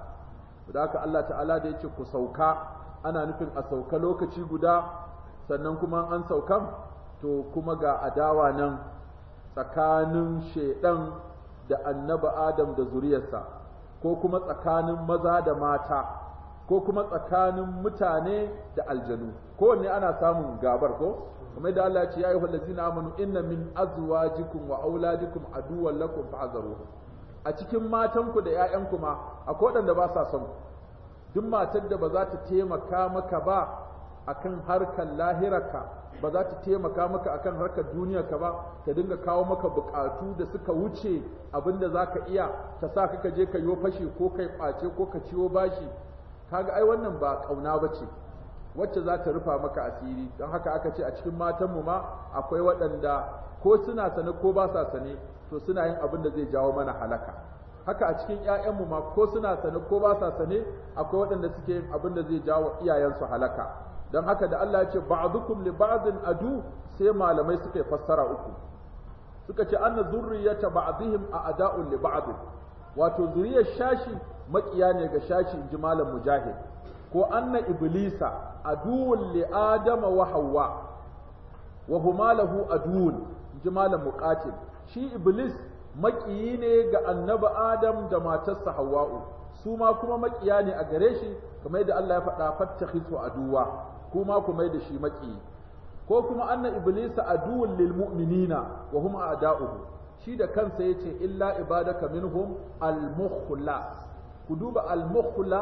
da haka Allah ta'ala da yace ku sauka ana nufin a sauka lokaci guda sannan kuma an sauka. to kuma ga adawa nan tsakanin shaidan da annabi adam da zuriyarsa ko kuma tsakanin maza da mata ko kuma tsakanin mutane da aljanu ko wanne ana samun gabar ko kuma da Allah ya ce ya ayyuhal ladzina amanu inna min azwajikum wa auladikum aduwwan lakum a cikin matanku da ‘ya'yanku ma akwai waɗanda ba sa son duk matar da ba za ta taimaka maka ba akan harkar lahirarka ba za ta taimaka maka akan harkar duniya ka ba ta dinga kawo maka bukatu da suka wuce abinda za ka iya ta sa ka je ka yiwa fashe, ko kai ɓace, ko ka ciwo bashi kaga ai wannan ba kauna ba ce wacce za ta rufa maka asiri don haka aka ce a cikin matanmu ma akwai waɗanda ko suna sane ko ba sa sane to suna yin abin da zai jawo mana halaka haka a cikin ‘ya'yanmu ma ko suna sane ko ba sa sane akwai waɗanda suke yin abin da zai jawo iyayensu halaka don haka da Allah ya ce ba'dukum li ba'din adu sai malamai suka fassara uku suka ce anna zurriyata ba'dihim a ada'un li ba'd wato zuriyar shashi makiya ne ga shashi inji malam mujahid ko anna iblisa aduwwun li adama wa hawwa wa huma lahu aduwwun inji malam muqatil shi iblis makiyi ne ga annabi adam da matarsa hawwa'u su ma kuma makiya ne a gare shi kamar yadda Allah ya faɗa fattakhisu aduwa kuma ku mai da shi maki ko kuma anna iblisa aduwwul lil mu'minina wa hum a'da'uhu shi da kansa yace illa ibadaka minhum al mukhlas ku duba al mukhla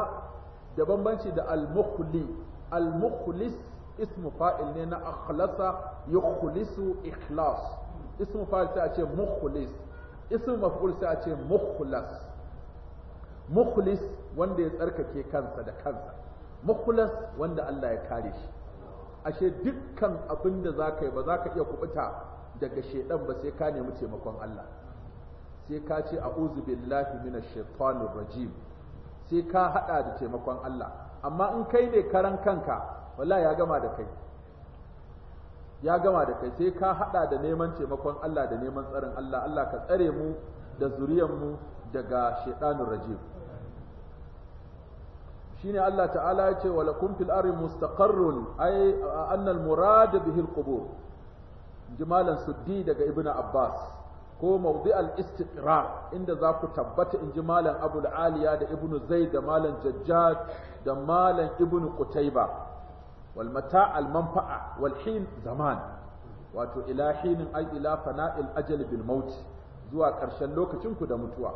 da bambanci da al mukhli al mukhlis ismu fa'il ne na akhlasa yukhlisu ikhlas ismu fa'il sai a ce mukhlis ismu maf'ul sai a ce mukhlas mukhlis wanda ya tsarkake kansa da kansa mukhlas wanda Allah ya kare shi ashe dukkan abin da za ka yi ba za ka iya kubuta daga shaidan ba sai ka nemi taimakon Allah sai ka ce a'udhu billahi minash shaitanir rajim sai ka hada da taimakon Allah amma in kai ne karan kanka wallahi ya gama da kai ya gama da kai sai ka hada da neman taimakon Allah da neman tsarin Allah Allah ka tsare mu da zuriyar mu daga shaitanir rajim shine Allah ta'ala ya ce wa lakum fil ardi mustaqarrun ay anna al murad bihi al qubur jimalan suddi daga ibnu abbas ko mawdi al istiqrar inda za ku tabbata in jimalan abul aliya da ibnu zaid da malan jajjad da malan ibnu qutayba wal mata al manfa'a wal hin zaman wato ila hinin ay ila fana'il ajal bil maut zuwa ƙarshen lokacin ku da mutuwa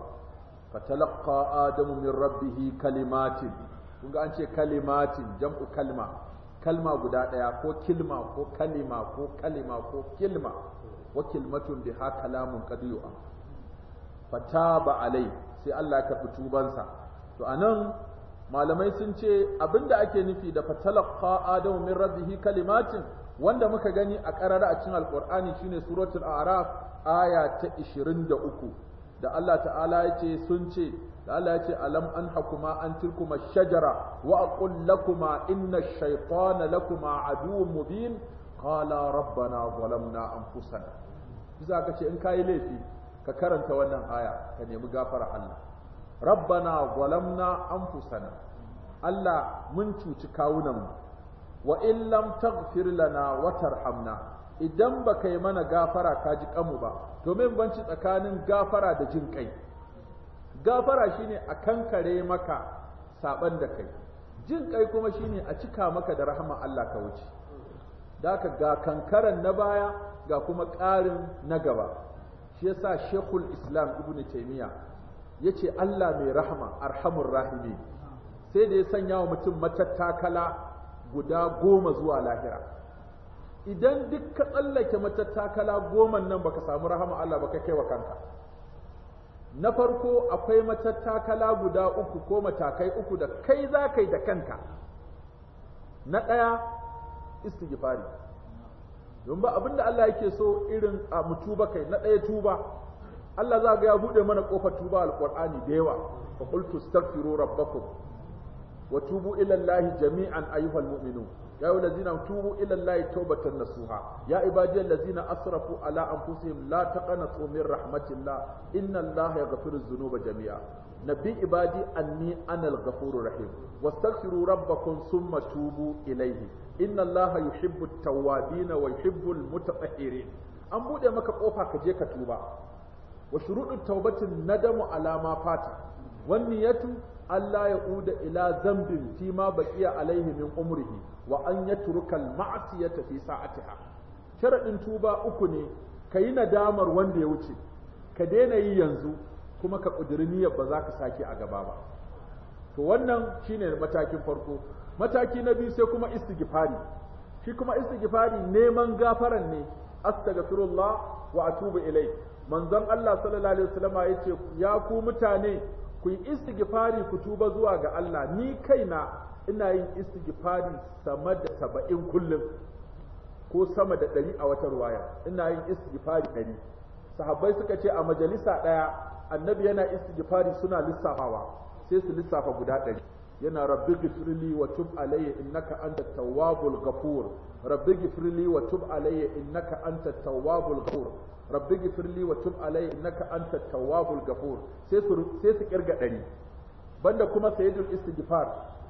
fatalaqa adamu min rabbihi kalimatin kun ga an ce kalimatin jam'u kalma kalma guda ɗaya ko kilma ko kalima ko kalima ko kilma wa kilmatun biha kalamun qad yu'a fataba alai sai Allah ka fitu tubansa to anan malamai sun ce abinda ake nufi da fatalaqa adamu min rabbihi kalimatin wanda muka gani a karara a cikin alqur'ani shine suratul a'raf aya ta 23 da Allah ta'ala ya ce sun ce da Allah ya ce alam an hakuma an tilkuma shajara wa aqul lakuma inna shaytana lakuma aduwwun mubin qala rabbana zalamna anfusana bisa ka ce in kai laifi ka karanta wannan aya ka nemi gafara Allah rabbana zalamna anfusana Allah mun cuci kawunan mu wa in lam taghfir lana wa tarhamna idan ba yi mana gafara ka ji kanmu ba to banci tsakanin gafara da jin kai gafara shine a kankare maka saban da kai jin kai kuma shine a cika maka da rahama Allah ka wuce da ka ga kankaran na baya ga kuma ƙarin na gaba shi yasa Sheikhul Islam Ibn ya yace Allah mai rahama arhamur rahimin sai da ya sanya wa mutum matattakala guda goma zuwa lahira idan duk ka tsallake matattakala goma nan baka samu rahama Allah baka kai wa kanka na farko akwai matattakala guda uku ko matakai uku da kai za ka yi da kanka na ɗaya istighfari don ba abinda Allah yake so irin a mutu ba kai na ɗaya tuba Allah za ga ya buɗe mana ƙofar tuba alƙur'ani da yawa fa qultu astaghfiru rabbakum wa tubu ila Allah jami'an ayyuhal mu'minun يا أيها الذين توبوا إلى الله توبة نصوحا يا عبادي الذين أسرفوا على أنفسهم لا تقنطوا من رحمة الله إن الله يغفر الذنوب جميعا نبي عبادي أني أنا الغفور الرحيم واستغفروا ربكم ثم توبوا إليه إن الله يحب التوابين ويحب المتطهرين an buɗe maka ƙofa ka je ka tuba wa shuruɗin taubatin nadamu alama fata wanniyatu Allah ya uda ila zambin fi ma baqiya alaihi min umrihi wa an yatruka al-ma'siyata fi sa'atiha sharadin tuba uku ne kayi nadamar wanda ya wuce ka daina yi yanzu kuma ka kudiri niyyar ba za ka sake a gaba ba to wannan shine matakin farko mataki na biyu sai kuma istighfari shi kuma istighfari neman gafaran ne astaghfirullah wa atubu ilai manzon Allah sallallahu alaihi wasallam ya ce ya ku mutane ku yi istighfari ku tuba zuwa ga Allah ni kaina ina yin istighfari sama da saba'in kullum ko sama da ɗari a wata ruwaya ina yin istighfari ɗari sahabbai suka ce a majalisa ɗaya annabi yana istighfari suna lissafawa sai su lissafa guda ɗari yana rabbi gifirli wa tub alayya innaka anta tawwabul ghafur rabbi gifirli wa tub alayya innaka anta tawwabul ghafur rabbi gifirli wa tub alayya innaka anta tawwabul ghafur sai su sai su kirga dari banda kuma sayyidul istighfar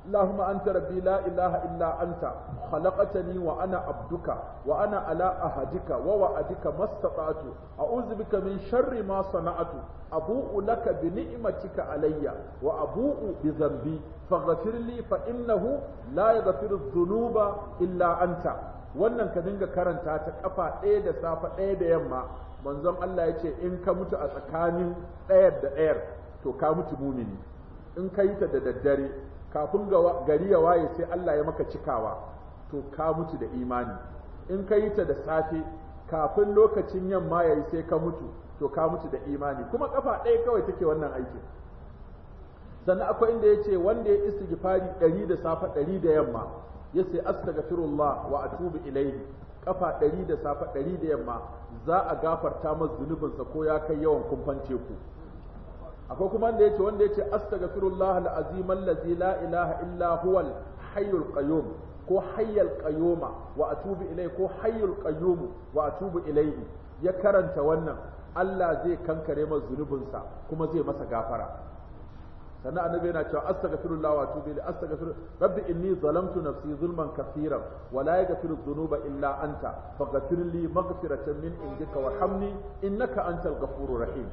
اللهم أنت ربي لا إله إلا أنت خلقتني وأنا عبدك وأنا على أهدك ووعدك ما استطعت أعوذ بك من شر ما صنعت أبوء لك بنعمتك علي وأبوء بذنبي فاغفر لي فإنه لا يغفر الذنوب إلا أنت wannan ka dinga karanta ta kafa ɗaya da safa ɗaya da yamma manzon Allah ya ce in ka mutu a tsakanin ɗayar da ɗayar to ka mutu mumini in ka yi ta da daddare kafin gari ya waye sai Allah ya maka cikawa to ka mutu da imani in ka yi ta da safe kafin lokacin yamma yayi sai ka mutu to ka mutu da imani kuma kafa ɗaya kawai take wannan aikin sannan akwai inda yace wanda ya istighfari 100 da safe 100 da yamma ya yace astaghfirullah wa atubu ilaihi kafa 100 da safe 100 da yamma za a gafarta masa zunubinsa ko ya kai yawan kumfan teku akwai kuma wanda yace wanda yace astaghfirullah al-azim allazi la ilaha illa huwal al-hayyul qayyum ko hayyul qayyuma wa atubu ilayhi ko hayyul qayyum wa atubu ilayhi ya karanta wannan Allah zai kankare masa zunubinsa kuma zai masa gafara sannan annabi yana cewa astaghfirullah wa atubu ilayhi astaghfir rabbi inni zalamtu nafsi zulman kaseeran wa la yaghfiru dhunuba illa anta faghfir li maghfiratan min indika warhamni innaka antal ghafurur rahim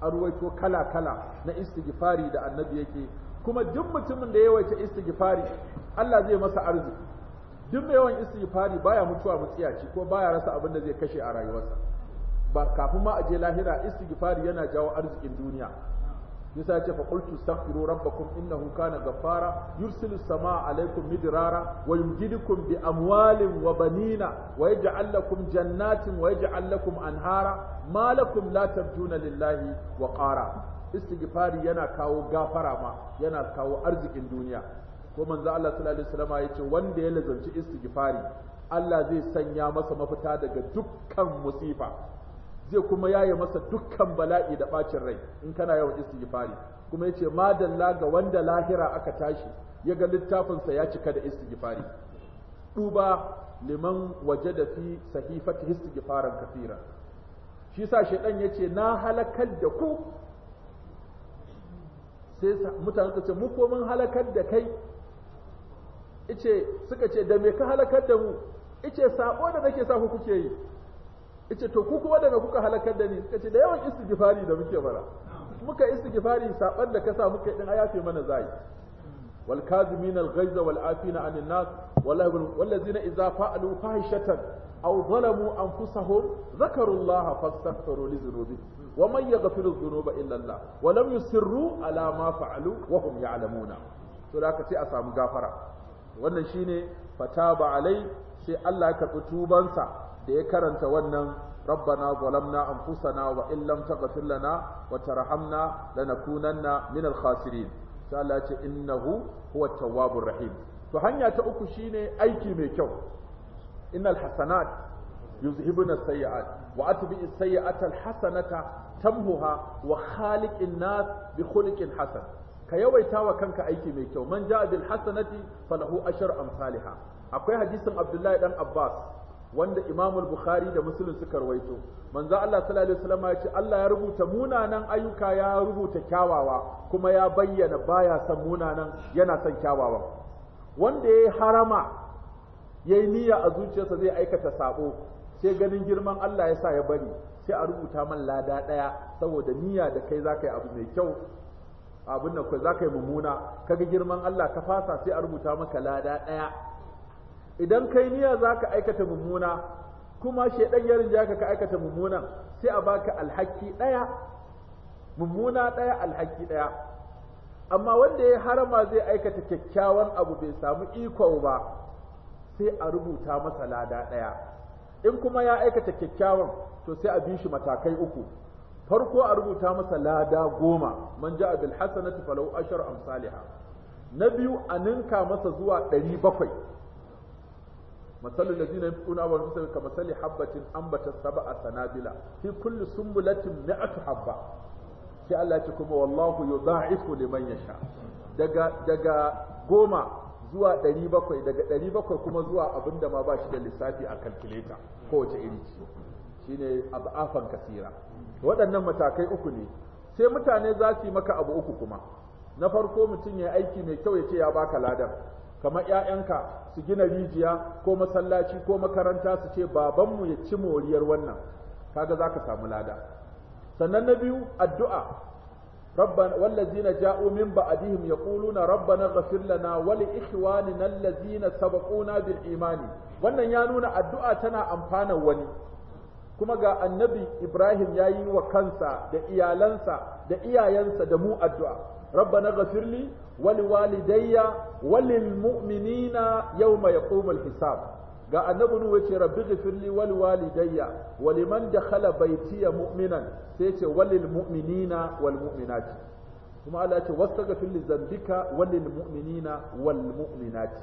a ruwaito kala-kala na istighfari da annabi yake kuma duk mutumin da yawaita istighfari Allah zai masa arziki duk mai yawan istighfari baya mutuwa ci, ko baya rasa abin da zai kashe a rayuwarsa ba kafin ma a je lahira istighfari yana jawo arzikin duniya yasa ce fa qultu astaghfiru rabbakum innahu kana ghaffara yursilu samaa alaykum midrara wa yumdidukum bi amwalin wa banina wa yaj'al lakum jannatin wa yaj'al lakum anhara ma lakum la tarjuna lillahi wa qara istighfari yana kawo gafara ma yana kawo arzikin duniya ko manzo Allah sallallahu alaihi wasallam yace wanda ya lazanci istighfari Allah zai sanya masa mafita daga dukkan musifa zai kuma yaye masa dukkan bala'i da bacin rai in kana yawan istighfari kuma yace madalla ga wanda lahira aka tashi ya ga littafinsa ya cika da istighfari duba liman wajada fi sahifati istighfaran kathira shi yasa shedan yace na halakar da ku sai mutane suka ce mu ko mun halakar da kai ice suka ce da me ka halakar da mu ice sabo da nake sa ku kuke yi ce to ku kuma daga kuka halakar da ni suka ce da yawan istighfari da muke mara muka istighfari saban da sa muka din ayafe mana zai wal kazimin al ghaiz wal afina anin nas wal ladzina idza fa'alu fahishatan aw zalamu anfusahum zakaru allaha fastaghfiru li dhunubihim wa man yaghfiru dhunuba illa allah wa lam yusirru ala ma fa'alu wa hum ya'lamuna to da ce a samu gafara wannan shine fataba alai sai Allah ya karbi tubansa da ya karanta wannan rabbana zalamna anfusana wa in lam taghfir lana wa tarhamna lanakunanna minal khasirin sai Allah ce innahu huwa tawwabur rahim to hanya ta uku shine aiki mai kyau innal hasanat yuzhibuna as wa atbi'is sayyi'ata hasanata tamhuha wa khaliqin nas bi khuluqin hasan ka yawaita wa kanka aiki mai kyau man ja'a bil hasanati falahu ashar amsalha akwai hadisin Abdullahi dan Abbas wanda Imamul Bukhari da Muslim suka rawaito manzo Allah sallallahu alaihi wasallam ya ce Allah ya rubuta munanan ayyuka ya rubuta kyawawa kuma ya bayyana baya san munanan yana son kyawawan wanda yayi harama yayi niyya a zuciyarsa zai aikata sabo sai ganin girman Allah ya sa ya bari sai a rubuta man lada daya saboda niyya da kai zaka yi abu mai kyau abin nan kai zaka yi mummuna kaga girman Allah ka fasa sai a rubuta maka lada daya idan kai niyya ka aikata mummuna kuma shedan ya rinja ka aikata mummunan sai a baka alhaki daya mummuna daya alhaki daya amma wanda ya harama zai aikata kyakkyawan abu bai samu iko ba sai a rubuta masa lada daya in kuma ya aikata kyakkyawan to sai a bi shi matakai uku farko a rubuta masa lada goma man ja bil hasanati falau ashar amsalha na biyu a ninka masa zuwa ɗari bakwai masalul ladina yunfiquna wa yunfiquna kama sali habatin ambata sab'a sanabila fi kulli sumbulatin mi'atu habba sai Allah ce kuma wallahu yudha'ifu liman yasha sha. daga goma zuwa 700 daga 700 kuma zuwa abinda ma ba shi da lissafi a kalkuleta, kowace iri ce shine ab'afan kasira waɗannan matakai uku ne sai mutane za su yi maka abu uku kuma na farko mutum ya aiki mai kyau ya ce ya baka ladar. kamar ‘ya'yanka su gina rijiya ko masallaci ko makaranta su ce babanmu ya ci moriyar wannan kaga za ka samu lada sannan na biyu addu'a ربنا والذين جاءوا من بعدهم lana ربنا اغفر لنا ولإخواننا الذين bil imani. wannan ya nuna addu'a tana amfanar wani kuma ga annabi Ibrahim ya yi wa kansa da iyalansa da iyayensa da mu addu'a rabbana ghafirli wa liwalidayya wa yau mai yaqumul hisab ga annabi nuhu ce rabbi ghafirli wa walidayya wali liman dakhala baytiya mu'minan sai yace wa lilmu'minina wal mu'minati kuma Allah yace wastaghfir li dhanbika wa lilmu'minina wal mu'minati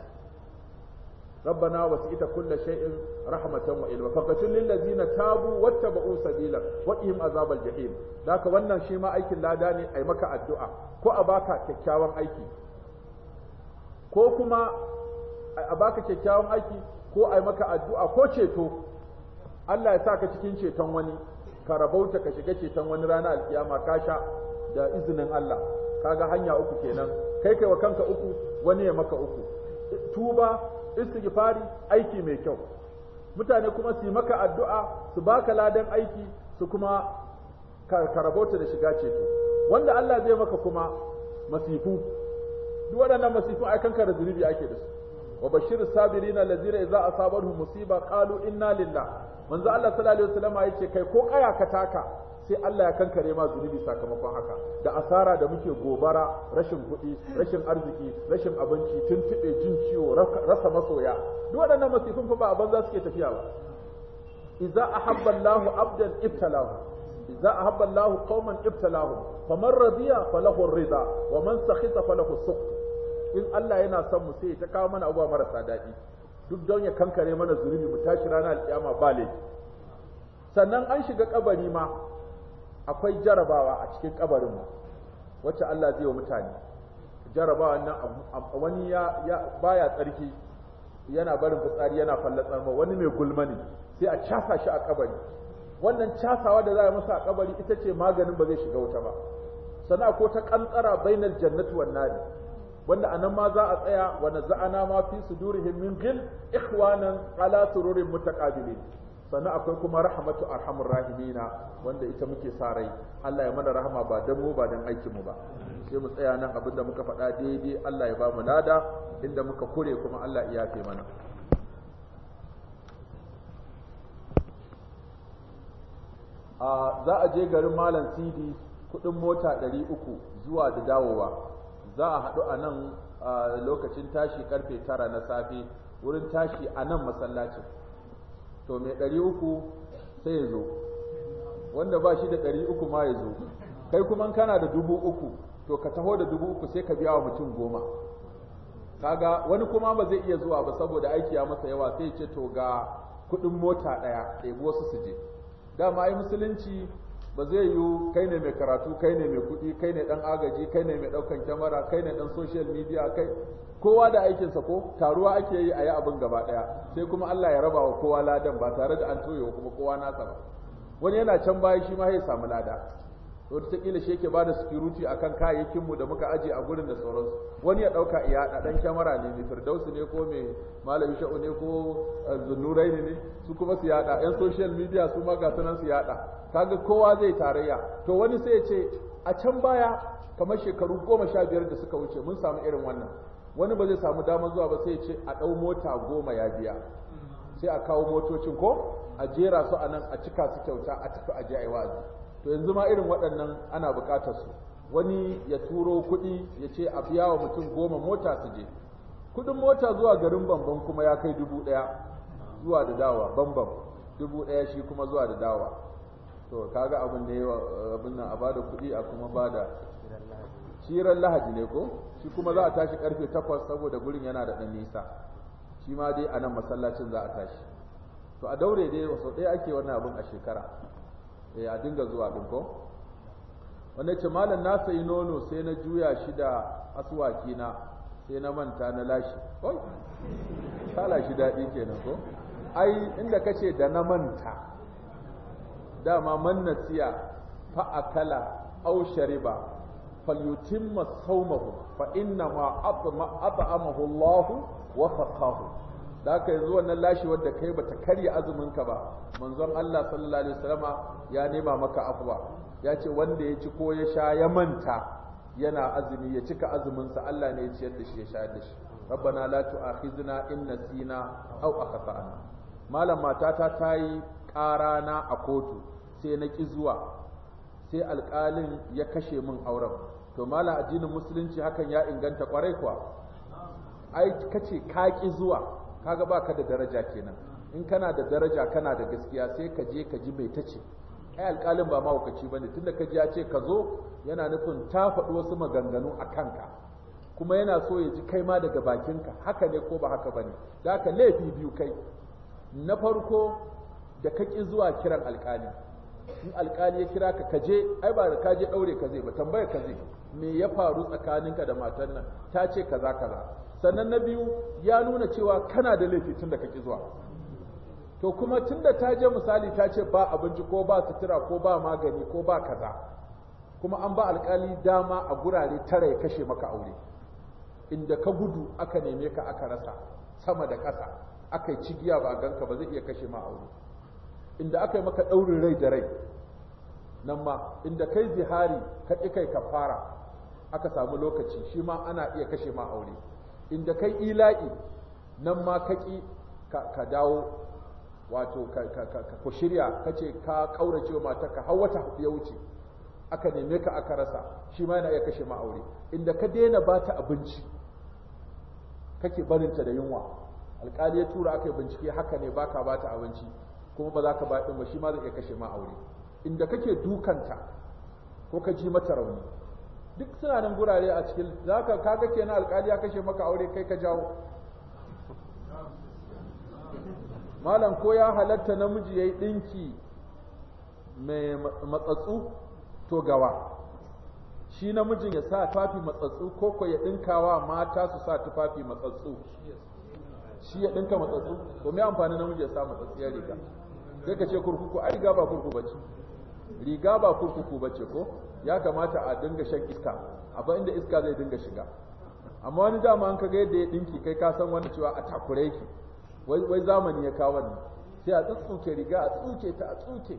ربنا وسئت كل شيء رحمة وإلما فقتل للذين تابوا واتبعوا سبيلا وإهم عذاب الجحيم ذاك وانا شيما أيك لا داني أي مكا الدعاء كو أباكا كيكاوان أيكي ko a baka kyakkyawan aiki ko a maka addu'a ko ceto Allah ya sa ka cikin ceton wani ka rabauta ka shiga ceton wani rana alkiyama ka sha da izinin Allah ka ga hanya uku kenan kai kai wa kanka uku wani ya maka uku tuba istighfari aiki mai kyau mutane kuma su yi maka addu'a su baka ladan aiki su kuma karabota da shiga ceto wanda Allah zai maka kuma masifu duk waɗannan masifu ai kanka da zunubi ake da su wa bashir sabirin allazina idza asabarhum musiba qalu inna lillahi manzo Allah sallallahu alaihi wasallam yace kai ko kaya ka taka sai Allah ya kankare ma zunubi sakamakon haka da asara da muke gobara rashin kuɗi rashin arziki rashin abinci tuntuɓe jin ciwo rasa masoya duk waɗannan masifin fa ba a banza suke tafiya ba idza ahabba Allahu abdan ibtalahu idza ahabba Allahu qauman ibtalahu faman radiya falahu ar-ridha wa man sakhita falahu as in Allah yana son mu sai ta kawo mana abuwa marasa daɗi duk don ya kankare mana zunubi mu tashi ranar alƙiyama ba sannan an shiga kabari ma akwai jarabawa a cikin kabarin mu wacce Allah zai wa mutane jarabawa nan wani ya baya tsarki yana barin fitsari yana fallatsar ma wani mai gulma ne sai a casa shi a kabari wannan casawa da za a masa a kabari ita ce maganin ba zai shiga wuta ba sana ko ta kantsara bainal jannati wan nari wanda anan ma za a tsaya wa naza'ana ma fi sudurihim min ghil ikhwanan ala sururin mutaqabilin sannan akwai kuma rahmatu arhamur rahimina wanda ita muke sa rai Allah ya mana rahama ba dan mu ba dan aikin mu ba sai mu tsaya nan abinda muka faɗa daidai Allah ya ba mu lada inda muka kure kuma Allah ya yafe mana za a je garin malam sidi kudin mota 300 zuwa da dawowa za a haɗu a nan lokacin tashi karfe 9 na safe wurin tashi a nan masallacin to mai ɗari uku sai ya zo wanda ba shi da ɗari uku ma ya zo kai kuma kana da dubu uku to ka taho da dubu uku sai ka biya wa mutum goma kaga wani kuma ba zai iya zuwa ba saboda aiki ya masa yawa sai ce to ga kuɗin mota ɗaya ɗebi wasu su je dama ai musulunci ba zai yiwu kai ne mai karatu kai ne mai kuɗi kai ne ɗan agaji kai ne mai ɗaukan kyamara kai ne ɗan social media kai kowa da aikinsa ko taruwa ake yi a yi abin gaba ɗaya sai kuma Allah ya raba wa kowa ladan ba tare da an toye kuma kowa nasa ba wani yana can baya shi ma ya samu lada to ta kila shi yake bada security akan kayayyakin mu da muka aje a gurin da sauransu wani ya dauka iya da dan kyamara ne ne firdausi ne ko me malami sha'u ne ko eh, zunurai ne su kuma su yada yan social media su ma gasu nan su yada kaga kowa zai tarayya to wani sai ya ce a can baya kamar shekaru goma sha biyar da suka wuce mun samu irin wannan wani ba zai samu damar zuwa ba sai ya ce a ɗau mota goma ya biya sai a kawo motocin ko a jera su a nan a cika su kyauta a tafi a je a yi wa'azi to yanzu ma irin waɗannan ana buƙatar su wani ya turo kuɗi ya ce a biya wa mutum goma mota su je kuɗin mota zuwa garin bambam kuma ya kai dubu ɗaya zuwa da dawa bambam dubu ɗaya shi kuma zuwa da dawa to kaga abin da ya abin nan a bada kuɗi a kuma bada shirar lahaji ne ko shi kuma za a tashi karfe takwas saboda gurin yana da ɗan nisa shi ma dai a nan masallacin za a tashi to a daure dai wasu ɗaya ake wannan abin a shekara Eh, a dinga zuwa din ko wanda ce malam na sayi nono sai na juya shi da aswaki na sai na manta na lashi ko kala shi daɗi kenan ko ai inda kace da na manta dama man nasiya fa akala aw shariba falyutimma sawmahu fa inna ma at'amahu Allah wa faqahu da haka yanzu wannan lashewar wadda kai ta karya azumin ka ba manzon Allah sallallahu alaihi wasallama ya nema maka afwa ya ce wanda ya ci ko ya sha ya manta yana azumi ya cika azumin sa Allah ne ya ciyar da shi ya sha da shi rabbana la tu'akhizna in nasina aw akhtana malam matata ta yi ƙara na a kotu sai na ki zuwa sai alƙalin ya kashe min auren to malam addinin musulunci hakan ya inganta kwarai kuwa ai kace ka ki zuwa kaga baka da daraja kenan in kana da daraja kana da gaskiya sai ka je ka ji mai tace ai alƙalin ba mahaukaci bane tunda ka ji ya ce ka zo yana nufin ta faɗi wasu maganganu a kanka kuma yana so ya ji kai ma daga bakinka haka ne ko ba haka bane da haka laifi biyu kai na farko da ka ƙi zuwa kiran alƙali in alƙali ya kira ka kaje ai ba da je ɗaure ka zai ba tambayar ka zai me ya faru tsakaninka da matan nan ta ce kaza kaza sannan na biyu ya nuna cewa kana da laifi tun da kake zuwa to kuma tun da ta je misali ta ce ba abinci ko ba sutura ko ba magani ko ba kaza kuma an ba alkali dama a gurare tara ya kashe maka aure inda ka gudu aka neme ka aka rasa sama da ƙasa aka yi cigiya ba a ganka ba zai iya kashe ma aure inda aka yi maka ɗaurin rai da rai nan ma inda kai zihari ka ƙi kai ka fara aka samu lokaci shi ma ana iya kashe ma aure inda kai ila'i nan ma kaki ka dawo wato ka shirya ka ce ka ƙaurace mata ka hau wata ya wuce aka neme ka aka rasa shi ma yana iya kashe ma aure inda ka daina ba ta abinci kake barinta da yunwa alkali ya tura aka yi bincike haka ne baka ba ta abinci kuma ba za ka ba ɗin ba shi ma zai iya kashe ma aure inda kake dukanta ko ka ji mata rauni duk suna nan gurare a cikin ka kaga na alkali ya kashe maka aure kai ka jawo malam ko ya halatta namiji ya yi ɗinki mai matsatsu to gawa shi namijin ya sa tufafi matsatsu ko kai ya wa mata su sa tufafi matsatsu shi ya ɗinka matsatsu to me amfani namiji ya sa ya riga sai ka ce kurkuku ai riga ba kurkuku bace riga ba kurkuku bace ko ya kamata a dinga shan iska abin inda iska zai dinga shiga amma wani dama an kaga yadda ya dinki kai ka san wani cewa a takure ki wai zamani ya kawo ni? sai a tsutsuke riga a tsuke ta a tsuke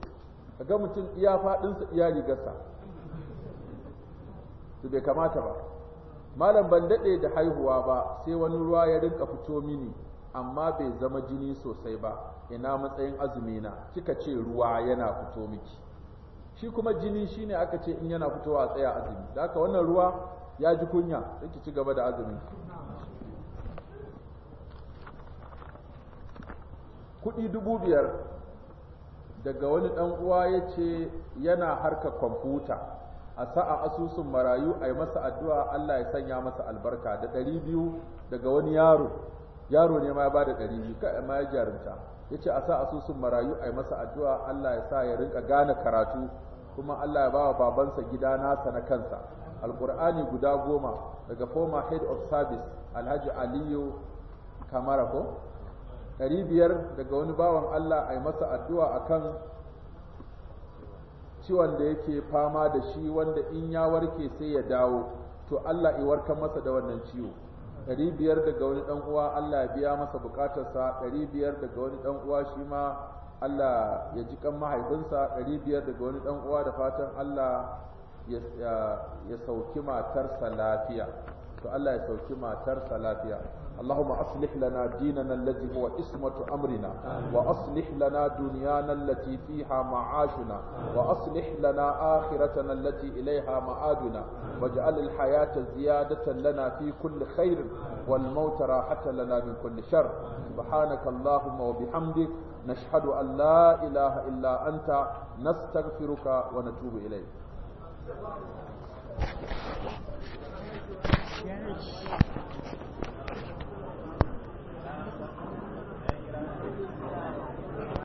kaga mutum iya faɗinsa iya rigarsa to bai kamata ba malam ban daɗe da haihuwa ba sai wani ruwa ya rinka fito mini amma bai zama jini sosai ba ina matsayin azumi na kika ce ruwa yana fito miki shi kuma jini shi ne aka ce in yana fitowa a tsaya azumi da haka wannan ruwa ya ji kunya sai ki ci gaba da azumi. kuɗi dubu biyar daga wani ɗan uwa ya ce yana harka kwamfuta a sa'a asusun marayu a yi masa addu'a Allah ya sanya masa albarka da ɗari biyu daga wani yaro yaro ne ma ya ba da ɗari biyu kai ma ya jarumta ya ce a sa asusun marayu a yi masa addu'a Allah ya sa ya rinka gane karatu kuma Allah ya ba wa babansa gida nasa na kansa alƙur'ani guda goma daga former head of service alhaji aliyu kamara ɗari biyar daga wani bawan Allah a yi masa addu'a a kan ciwon da yake fama da shi wanda in ya warke sai ya dawo to Allah i warkar masa da wannan ciwo ɗari biyar daga wani ɗan uwa Allah ya biya masa bukatarsa ɗari biyar daga wani ɗan uwa shi ma Allah ya ji kan mahaifinsa ɗari biyar daga wani ɗan uwa da fatan Allah ya sauki matarsa lafiya to Allah ya sauki matarsa lafiya اللهم أصلح لنا ديننا الذي هو اسمة أمرنا وأصلح لنا دنيانا التي فيها معاشنا وأصلح لنا آخرتنا التي إليها مآدنا واجعل الحياة زيادة لنا في كل خير والموت راحة لنا من كل شر سبحانك اللهم وبحمدك نشهد أن لا إله إلا أنت نستغفرك ونتوب إليك Yes.